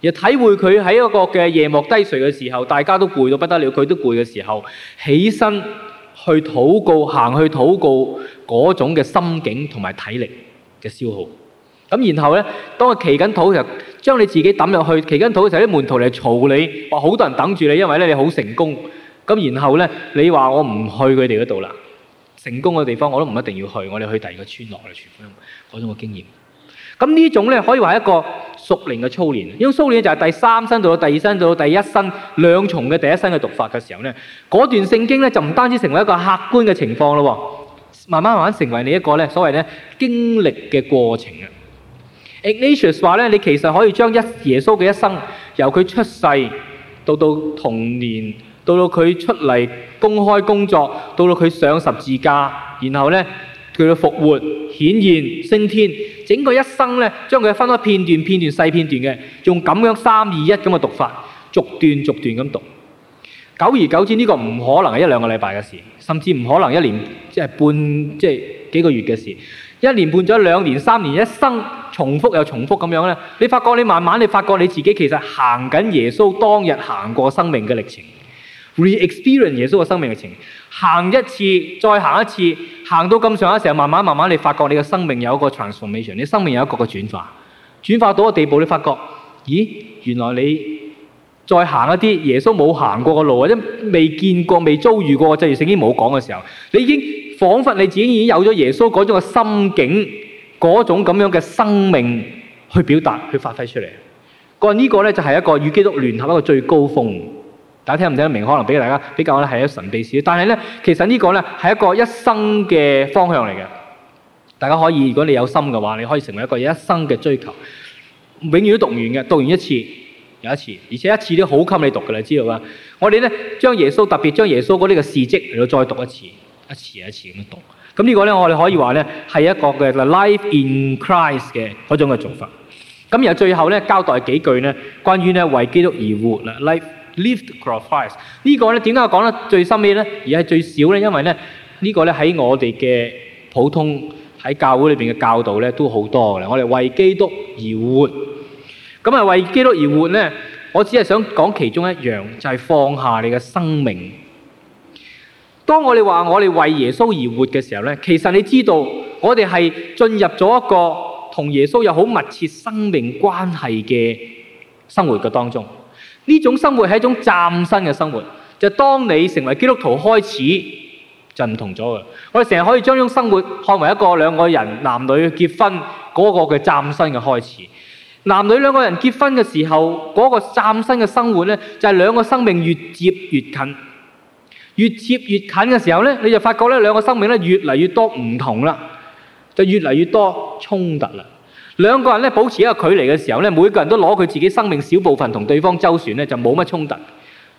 又體會佢喺一個嘅夜幕低垂嘅時候，大家都攰到不得了，佢都攰嘅時候，起身去禱告，行去禱告嗰種嘅心境同埋體力嘅消耗。咁然後咧，當佢祈緊禱嘅時候，將你自己抌入去祈緊禱嘅時候，啲門徒嚟嘈你話：好多人等住你，因為咧你好成功。咁然後咧，你話我唔去佢哋嗰度啦。成功嘅地方我都唔一定要去，我哋去第二個村落，我哋傳翻嗰種嘅經驗。咁呢種咧可以話係一個屬靈嘅操練，因為操練就係第三生到到第二生到到第一生兩重嘅第一生嘅讀法嘅時候咧，嗰段聖經咧就唔單止成為一個客觀嘅情況咯，慢慢慢慢成為你一個咧所謂咧經歷嘅過程啊。Ignatius 話咧，你其實可以將一耶穌嘅一生，由佢出世到到童年。到到佢出嚟公開工作，到到佢上十字架，然後呢，佢嘅復活、顯現、升天，整個一生呢，將佢分開片段、片段細片段嘅，用咁樣三二一咁嘅讀法，逐段逐段咁讀。久而久之呢、呢個唔可能係一兩個禮拜嘅事，甚至唔可能一年即係、就是、半即係、就是、幾個月嘅事，一年半咗兩年、三年，一生重複又重複咁樣呢，你發覺你慢慢你發覺你自己其實行緊耶穌當日行過生命嘅歷程。re-experience 耶穌嘅生命嘅情，行一次再行一次，行到咁上下時候，慢慢慢慢你發覺你嘅生命有一個 transformation，你生命有一個個轉化，轉化到個地步，你發覺，咦，原來你再行一啲耶穌冇行過嘅路或者未見過、未遭遇過嘅，正如聖經冇講嘅時候，你已經彷彿你自己已經有咗耶穌嗰種嘅心境，嗰種咁樣嘅生命去表達、去發揮出嚟。嗰呢個咧就係一個與基督聯合一個最高峰。大家聽唔聽得明？可能俾大家比較咧係一神秘事。但係咧，其實呢個咧係一個一生嘅方向嚟嘅。大家可以，如果你有心嘅話，你可以成為一個一生嘅追求。永遠都讀完嘅，讀完一次有一次，而且一次都好襟你讀嘅啦，知道啦。我哋咧將耶穌特別將耶穌嗰啲嘅事蹟嚟到再讀一次，一次一次咁樣讀。咁呢個咧我哋可以話咧係一個嘅 life in Christ 嘅嗰種嘅做法。咁然後最後咧交代幾句咧，關於咧為基督而活啦，life。lift cross 呢個咧點解我講得最深啲呢？而係最少呢？因為咧呢、呢個咧喺我哋嘅普通喺教會裏邊嘅教導呢，都好多嘅。我哋為基督而活，咁係為基督而活呢？我只係想講其中一樣，就係、是、放下你嘅生命。當我哋話我哋為耶穌而活嘅時候呢，其實你知道我哋係進入咗一個同耶穌有好密切生命關係嘅生活嘅當中。呢種生活係一種嶄新嘅生活，就當你成為基督徒開始就唔同咗啦。我哋成日可以將呢種生活看為一個兩個人男女結婚嗰個嘅嶄新嘅開始。男女兩個人結婚嘅時候，嗰個嶄新嘅生活呢，就係兩個生命越接越近，越接越近嘅時候呢，你就發覺呢兩個生命咧越嚟越多唔同啦，就越嚟越多衝突啦。兩個人咧保持一個距離嘅時候咧，每個人都攞佢自己生命少部分同對方周旋咧，就冇乜衝突，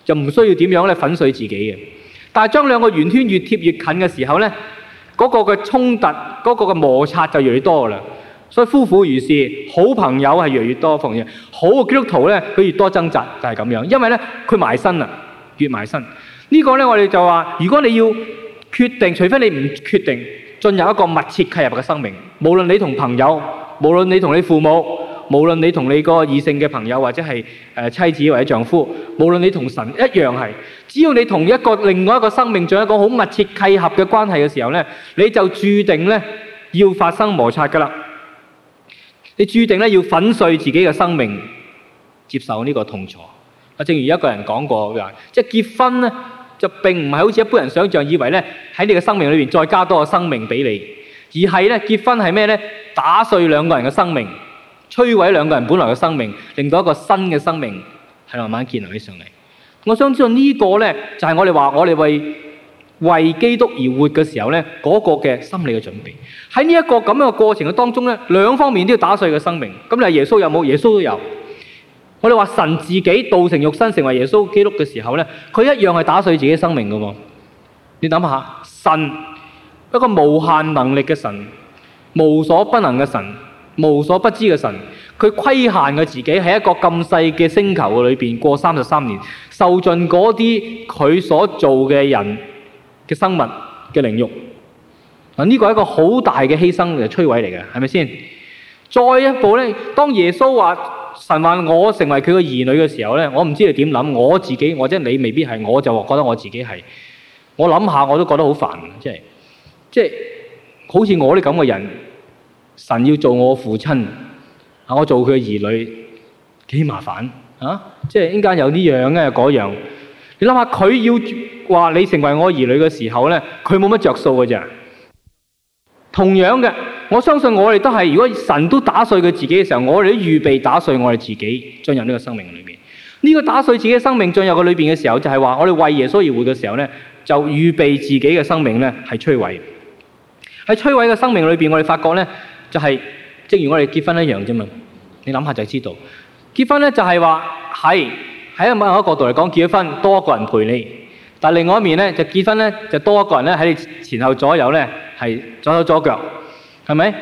就唔需要點樣咧粉碎自己嘅。但係將兩個圓圈越貼越近嘅時候咧，那個個嘅衝突、嗰、那個嘅摩擦就越嚟越多啦。所以夫婦如是，好朋友係越嚟越多，奉養好嘅基督徒咧，佢越多掙扎就係咁樣，因為咧佢埋身啦，越埋身、這個、呢個咧我哋就話，如果你要決定，除非你唔決定進入一個密切契入嘅生命，無論你同朋友。無論你同你父母，無論你同你個異性嘅朋友或者係誒妻子或者丈夫，無論你同神一樣係，只要你同一個另外一個生命，有一個好密切契合嘅關係嘅時候咧，你就註定咧要發生摩擦㗎喇。你註定咧要粉碎自己嘅生命，接受呢個痛楚。啊，正如一個人講過嘅，即係結婚咧，就並唔係好似一般人想象以為咧喺你嘅生命裏邊再加多個生命俾你，而係咧結婚係咩咧？打碎兩個人嘅生命，摧毀兩個人本來嘅生命，令到一個新嘅生命係慢慢建立起上嚟。我想知道呢個呢，就係我哋話我哋為為基督而活嘅時候呢，嗰個嘅心理嘅準備。喺呢一個咁樣嘅過程嘅當中呢，兩方面都要打碎嘅生命。咁你係耶穌有冇？耶穌都有。我哋話神自己道成肉身成為耶穌基督嘅時候呢，佢一樣係打碎自己生命噶喎。你諗下，神一個無限能力嘅神，無所不能嘅神，無所不知嘅神，佢規限佢自己喺一個咁細嘅星球裏邊過三十三年，受盡嗰啲佢所做嘅人嘅生物嘅凌辱。嗱，呢個係一個好大嘅犧牲同摧毀嚟嘅，係咪先？再一步咧，當耶穌話神話我成為佢嘅兒女嘅時候咧，我唔知你點諗，我自己或者你未必係，我就覺得我自己係，我諗下我都覺得好煩，即係即係。好似我哋咁嘅人，神要做我父親，我做佢嘅兒女，幾麻煩啊！即係應該有呢樣，跟嗰樣。你諗下，佢要話你成為我兒女嘅時候咧，佢冇乜着數嘅啫。同樣嘅，我相信我哋都係，如果神都打碎佢自己嘅時候，我哋都預備打碎我哋自己進入呢個生命裏面。呢個打碎自己嘅生命進入個裏面嘅時候，就係話我哋為耶穌而活嘅時候咧，就預備自己嘅生命咧係摧毀。喺摧毀嘅生命裏面，我哋發覺呢就係、是、正如我哋結婚一樣啫嘛。你諗下就知道，結婚呢就係話係喺一某一個角度嚟講，結咗婚多一個人陪你，但另外一面呢，就結婚呢，就多一個人咧喺你前後左右呢，係左手左腳，係咪？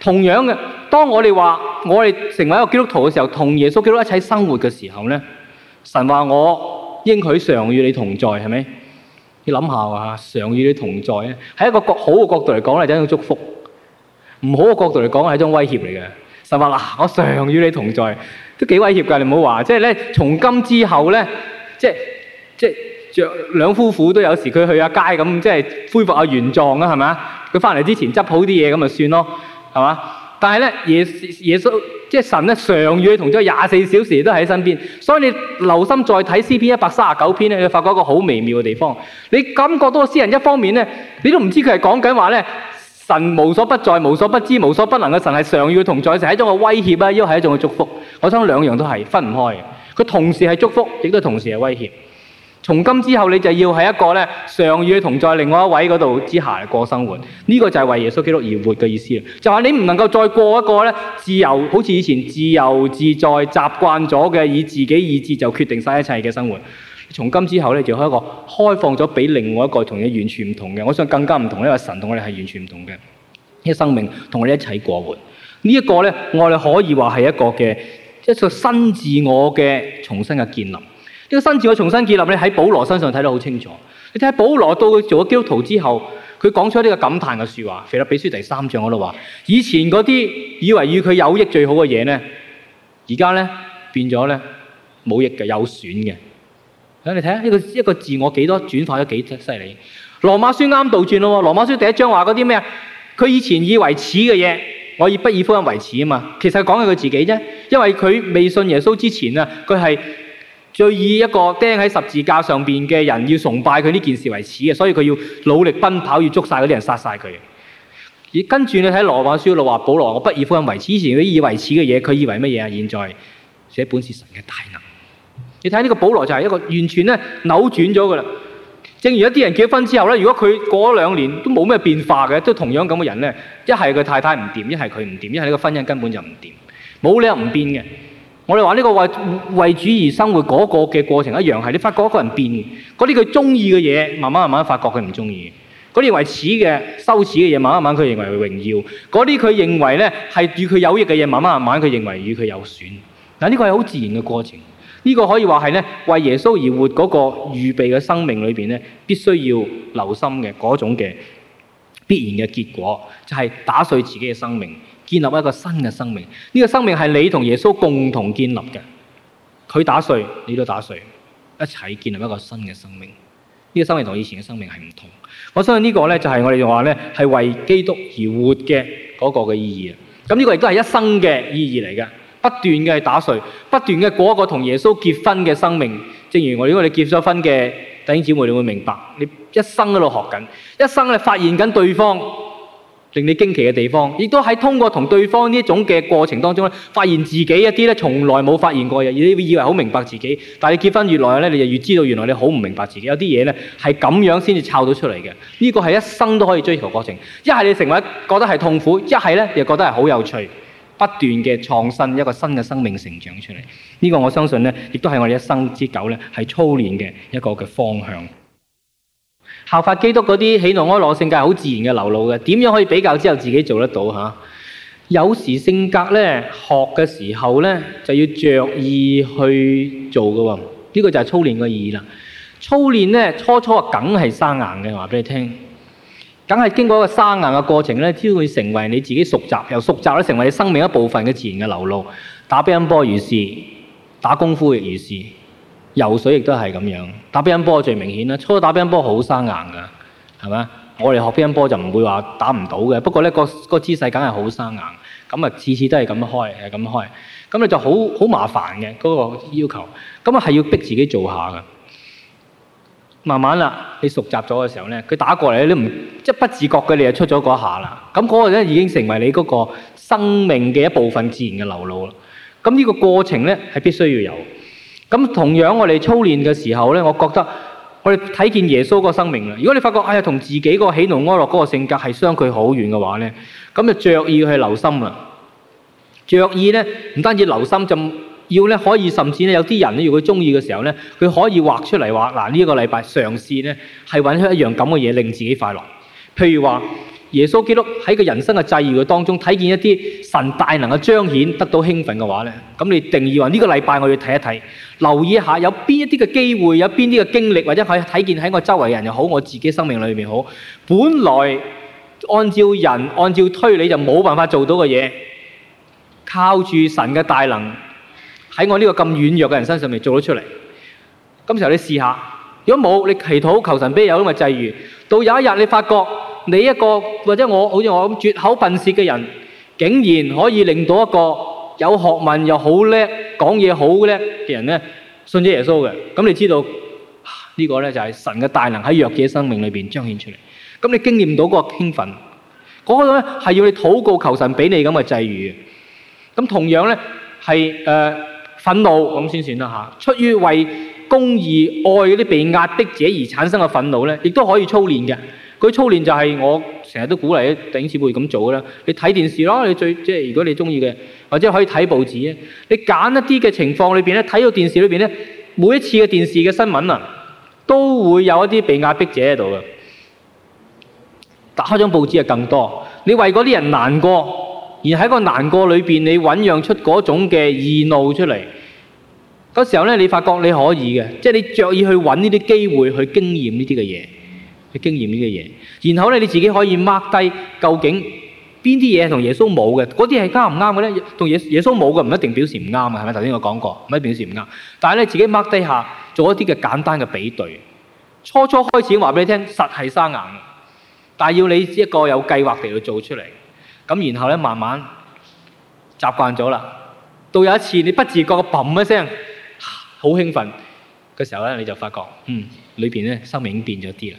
同樣嘅，當我哋話我哋成為一個基督徒嘅時候，同耶穌基督徒一齊生活嘅時候呢，神話我應許常與你同在，係咪？你諗下喎嚇，常與你同在咧，喺一個好嘅角度嚟講係一種祝福；唔好嘅角度嚟講係一種威脅嚟嘅。神話啦，我常與你同在，都幾威脅㗎，你唔好話。即係咧，從今之後咧，即係即係著兩夫婦都有時佢去下街咁，即係恢復下原狀啊，係咪啊？佢翻嚟之前執好啲嘢咁就算咯，係嘛？但是呢，耶耶穌即係神呢，常與同在廿四小時都喺身邊。所以你留心再睇《詩篇》一百三十九篇呢，你會發覺一個好微妙嘅地方。你感覺到詩人一方面呢，你都唔知佢係講緊話咧，神無所不在、無所不知、無所不能嘅神係常與同在，成係一種嘅威脅啊，亦都係一種嘅祝福。我想兩樣都係分唔開嘅，佢同時係祝福，亦都同時係威脅。從今之後，你就要喺一個咧上與同在另外一位嗰度之下過生活。呢個就係為耶穌基督而活嘅意思。就係你唔能夠再過一個咧自由，好似以前自由自在、習慣咗嘅以自己意志就決定晒一切嘅生活。從今之後咧，就係一個開放咗俾另外一個同你完全唔同嘅。我想更加唔同，因為神同我哋係完全唔同嘅，一生命同我哋一齊過活。呢、這個、一個咧，我哋可以話係一個嘅一個新自我嘅重新嘅建立。呢個新自我重新建立咧，喺保羅身上睇得好清楚。你睇保羅到佢做咗基督徒之後，佢講出呢個感嘆嘅說話，《腓立比書》第三章嗰度話：以前嗰啲以為與佢有益最好嘅嘢咧，而家咧變咗咧冇益嘅，有損嘅。咁你睇下呢個一個自我幾多轉化咗幾犀利？《羅馬書》啱倒轉咯，《羅馬書》第一章話嗰啲咩啊？佢以前以為恥嘅嘢，我以不以福音為恥啊嘛。其實講係佢自己啫，因為佢未信耶穌之前啊，佢係。最以一個釘喺十字架上邊嘅人要崇拜佢呢件事為恥嘅，所以佢要努力奔跑，要捉晒嗰啲人，殺晒佢。而跟住你睇羅馬書，話保羅我不以福音為恥，以前佢以為恥嘅嘢，佢以為乜嘢啊？現在寫本是神嘅大能。你睇呢個保羅就係一個完全咧扭轉咗㗎喇。正如一啲人結婚之後咧，如果佢過咗兩年都冇咩變化嘅，都同樣咁嘅人咧，一係佢太太唔掂，一係佢唔掂，一係呢個婚姻根本就唔掂，冇理由唔變嘅。我哋話呢個為為主而生活嗰個嘅過程一樣係，你發覺一個人變嗰啲佢中意嘅嘢，慢慢慢慢發覺佢唔中意；嗰啲為恥嘅、羞恥嘅嘢，慢慢慢佢認為為榮耀；嗰啲佢認為咧係與佢有益嘅嘢，慢慢慢慢佢認為與佢有損。嗱，呢個係好自然嘅過程，呢個可以話係咧為耶穌而活嗰個預備嘅生命裏邊咧，必須要留心嘅嗰種嘅必然嘅結果，就係打碎自己嘅生命。建立一個新嘅生命，呢個生命係你同耶穌共同建立嘅，佢打碎，你都打碎，一齊建立一個新嘅生命。呢個生命同以前嘅生命係唔同。我相信呢個呢，就係我哋話呢，係為基督而活嘅嗰個嘅意義啊。咁呢個亦都係一生嘅意義嚟嘅。不斷嘅打碎，不斷嘅嗰個同耶穌結婚嘅生命。正如我，如果你結咗婚嘅弟兄姊妹，你會明白，你一生喺度學緊，一生喺度發現緊對方。令你驚奇嘅地方，亦都喺通過同對方呢一種嘅過程當中咧，發現自己一啲咧從來冇發現過嘅嘢，你以為好明白自己，但你結婚越耐咧，你就越知道原來你好唔明白自己。有啲嘢咧係咁樣先至湊到出嚟嘅。呢個係一生都可以追求過程。一係你成為覺得係痛苦，一係咧又覺得係好有趣，不斷嘅創新一個新嘅生命成長出嚟。呢個我相信咧，亦都係我哋一生之久咧係操練嘅一個嘅方向。效法基督嗰啲喜怒哀樂性格係好自然嘅流露嘅，點樣可以比較之後自己做得到嚇？有時性格咧學嘅時候咧就要着意去做嘅喎，呢、呢個就係操練嘅意義啦。操練咧初初梗係生硬嘅，話俾你聽，梗係經過一個生硬嘅過程咧，先會成為你自己熟習，由熟習咧成為你生命一部分嘅自然嘅流露。打乒乓波如是，打功夫亦如是。游水亦都係咁樣，打乒乓波最明顯啦。初打乒乓波好生硬㗎，係咪？我哋學乒乓波就唔會話打唔到嘅。不過呢、嗰個、嗰個姿勢梗係好生硬，咁啊次次都係咁開，係咁開。咁你就好好麻煩嘅嗰個要求，咁啊係要逼自己做一下嘅。慢慢啦，你熟習咗嘅時候呢，佢打過嚟你唔即係不自覺嘅，你就出咗嗰一下啦。咁嗰個咧已經成為你嗰個生命嘅一部分，自然嘅流露啦。咁呢個過程呢，係必須要有。咁同樣我哋操練嘅時候咧，我覺得我哋睇見耶穌個生命啦。如果你發覺哎呀同自己個喜怒哀樂嗰個性格係相距好遠嘅話咧，咁就著意去留心啦。著意咧唔單止留心，就要咧可以甚至咧有啲人咧，如果中意嘅時候咧，佢可以畫出嚟話嗱，呢一個禮拜嘗試咧係搵出一樣咁嘅嘢令自己快樂，譬如話。耶穌基督喺佢人生嘅際遇嘅當中，睇見一啲神大能嘅彰顯，得到興奮嘅話呢咁你定義話呢個禮拜我要睇一睇，留意一下有邊一啲嘅機會，有邊啲嘅經歷，或者可以睇見喺我周圍人又好，我自己生命裏面好，本來按照人按照推理就冇辦法做到嘅嘢，靠住神嘅大能喺我呢個咁軟弱嘅人身上面做得出嚟。今時候你試下，如果冇你祈禱求神俾有咁嘅際遇，到有一日你發覺，你一個或者我，好似我咁絕口笨舌嘅人，竟然可以令到一個有學問又好叻、講嘢好叻嘅人咧信咗耶穌嘅，咁你知道呢個咧就係神嘅大能喺弱者生命裏邊彰顯出嚟。咁你經驗到嗰個興奮，嗰個咧係要你禱告求神俾你咁嘅際遇。咁同樣咧係誒憤怒，咁先算啦吓。出於為公義愛嗰啲被壓迫者而產生嘅憤怒咧，亦都可以操練嘅。佢操練就係我成日都鼓勵啲頂少輩咁做嘅啦。你睇電視咯，你最即係如果你中意嘅，或者可以睇報紙咧。你揀一啲嘅情況裏面，咧，睇到電視裏面，咧，每一次嘅電視嘅新聞啊，都會有一啲被壓迫者喺度嘅。打開張報紙就更多。你為嗰啲人難過，而喺個難過裏面，你醞釀出嗰種嘅易怒出嚟。嗰時候咧，你發覺你可以嘅，即係你着意去揾呢啲機會去經驗呢啲嘅嘢。去經驗呢個嘢，然後咧，你自己可以 mark 低究竟邊啲嘢同耶穌冇嘅，嗰啲係啱唔啱嘅咧？同耶耶穌冇嘅唔一定表示唔啱嘅，係咪頭先我講過唔一定表示唔啱？但係咧，自己 mark 低下做一啲嘅簡單嘅比對，初初開始話俾你聽，實係生硬，但係要你一個有計劃地去做出嚟，咁然後咧，慢慢習慣咗啦。到有一次你不自覺嘅嘭一聲，好興奮嘅時候咧，你就發覺嗯裏邊咧生命已經變咗啲啦。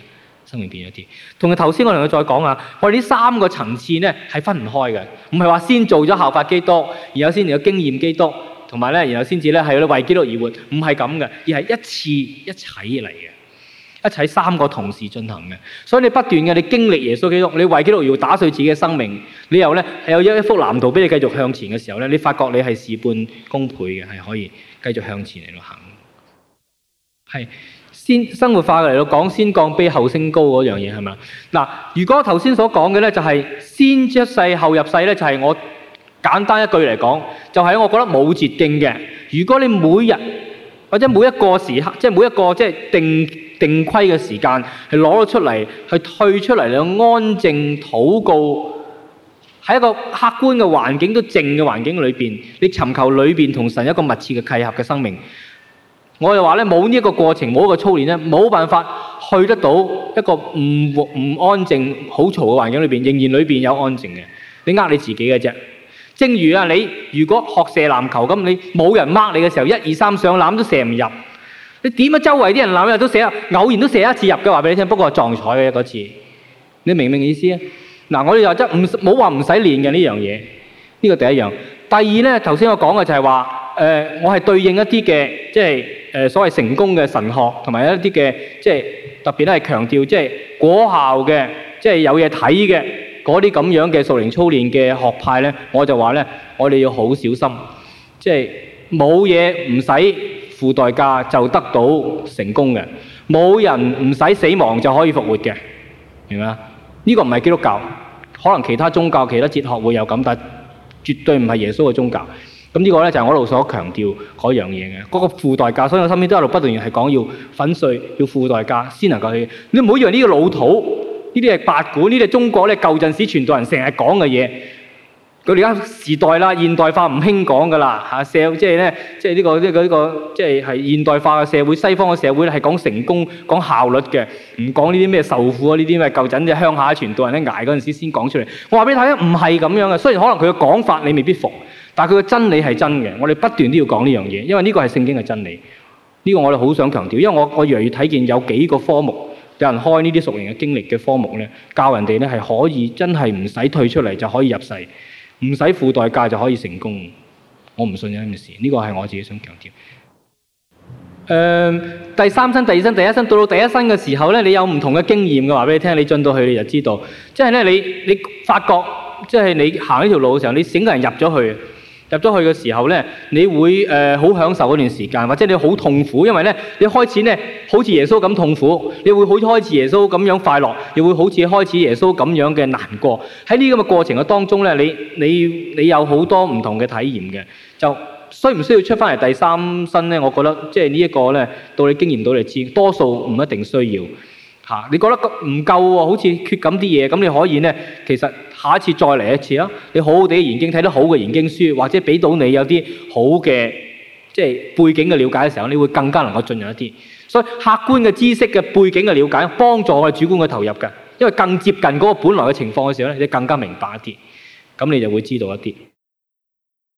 生命變咗啲，同佢頭先我同佢再講啊，我哋呢三個層次咧係分唔開嘅，唔係話先做咗效法基督，然後先有經驗基督，同埋咧，然後先至咧係咧為基督而活，唔係咁嘅，而係一次一齊嚟嘅，一齊三個同時進行嘅。所以你不斷嘅你經歷耶穌基督，你為基督而要打碎自己嘅生命，你又咧係有一一幅藍圖俾你繼續向前嘅時候咧，你發覺你係事半功倍嘅，係可以繼續向前嚟度行，係。先生活化嚟到講，先降卑後升高嗰樣嘢係咪？嗱，如果頭先所講嘅呢，就係先出世後入世呢，就係、是、我簡單一句嚟講，就係、是、我覺得冇捷徑嘅。如果你每日或者每一個時刻，即係每一個即係定定規嘅時間，係攞咗出嚟去退出嚟，去安靜禱告，喺一個客觀嘅環境，都靜嘅環境裏面，你尋求裏面同神一個密切嘅契合嘅生命。我就話咧，冇呢一個過程，冇一個操練咧，冇辦法去得到一個唔唔安靜、好嘈嘅環境裏面。仍然裏面有安靜嘅。你呃你自己嘅啫。正如啊，你如果學射籃球咁，你冇人 mark 你嘅時候，一二三上籃都射唔入。你點啊？周圍啲人籃入都射，偶然都射一次入嘅話俾你聽，不過係撞彩嘅一個字。你明唔明意思啊？嗱，我哋又真唔冇話唔使練嘅呢樣嘢。呢、這個第一樣。第二咧，頭先我講嘅就係話、呃，我係對應一啲嘅，即係。誒所謂成功嘅神學，同埋一啲嘅即係特別都係強調，即係果效嘅，即係有嘢睇嘅嗰啲咁樣嘅屬靈操練嘅學派呢，我就話呢，我哋要好小心，即係冇嘢唔使付代價就得到成功嘅，冇人唔使死亡就可以復活嘅，明嘛？呢個唔係基督教，可能其他宗教、其他哲學會有咁，但絕對唔係耶穌嘅宗教。咁、呢、呢個咧就係我一路所強調嗰樣嘢嘅，嗰個付代價。所以我身邊都係一路不斷係講要粉碎、要付代價，先能夠去。你唔好以為呢個老土、呢啲係八股，呢啲係中國咧舊陣時傳道人成日講嘅嘢。佢哋而家時代啦、現代化唔興講噶啦嚇。s 即係咧，即係呢、呢個、呢、呢個、呢、呢個、即係係現代化嘅社會、西方嘅社會咧，係講成功、講效率嘅，唔講呢啲咩受苦啊呢啲咩舊陣嘅鄉下傳道人咧捱嗰陣時先講出嚟。我話俾你聽，唔係咁樣嘅。雖然可能佢嘅講法你未必服。但係佢嘅真理係真嘅，我哋不斷都要講呢樣嘢，因為呢個係聖經嘅真理。呢個我哋好想強調，因為我我越嚟越睇見有幾個科目有人開呢啲熟人嘅經歷嘅科目呢，教人哋呢，係可以真係唔使退出嚟就可以入世，唔使付代價就可以成功。我唔信呢件事，呢個係我自己想強調。誒、呃，第三身、第二身、第一身，到到第一身嘅時候呢，你有唔同嘅經驗嘅話俾你聽，你進到去你就知道，即係呢，你你發覺，即係你行呢條路嘅時候，你整個人入咗去。入咗去嘅時候咧，你會誒好享受嗰段時間，或者你好痛苦，因為咧你開始咧好似耶穌咁痛苦，你會好似開始耶穌咁樣快樂，又會好似開始耶穌咁樣嘅難過。喺呢個嘅過程嘅當中咧，你你你有好多唔同嘅體驗嘅。就需唔需要出翻嚟第三身咧？我覺得即係呢一個咧，到你經驗到你知，多數唔一定需要吓。你覺得唔夠喎，好似缺咁啲嘢，咁你可以咧，其實。下一次再嚟一次啊！你好好地研經睇得好嘅研經書，或者俾到你有啲好嘅即係背景嘅了解嘅時候，你會更加能夠進入一啲。所以客觀嘅知識嘅背景嘅了解，幫助我哋主觀嘅投入嘅，因為更接近嗰個本來嘅情況嘅時候咧，你更加明白一啲，咁你就會知道一啲。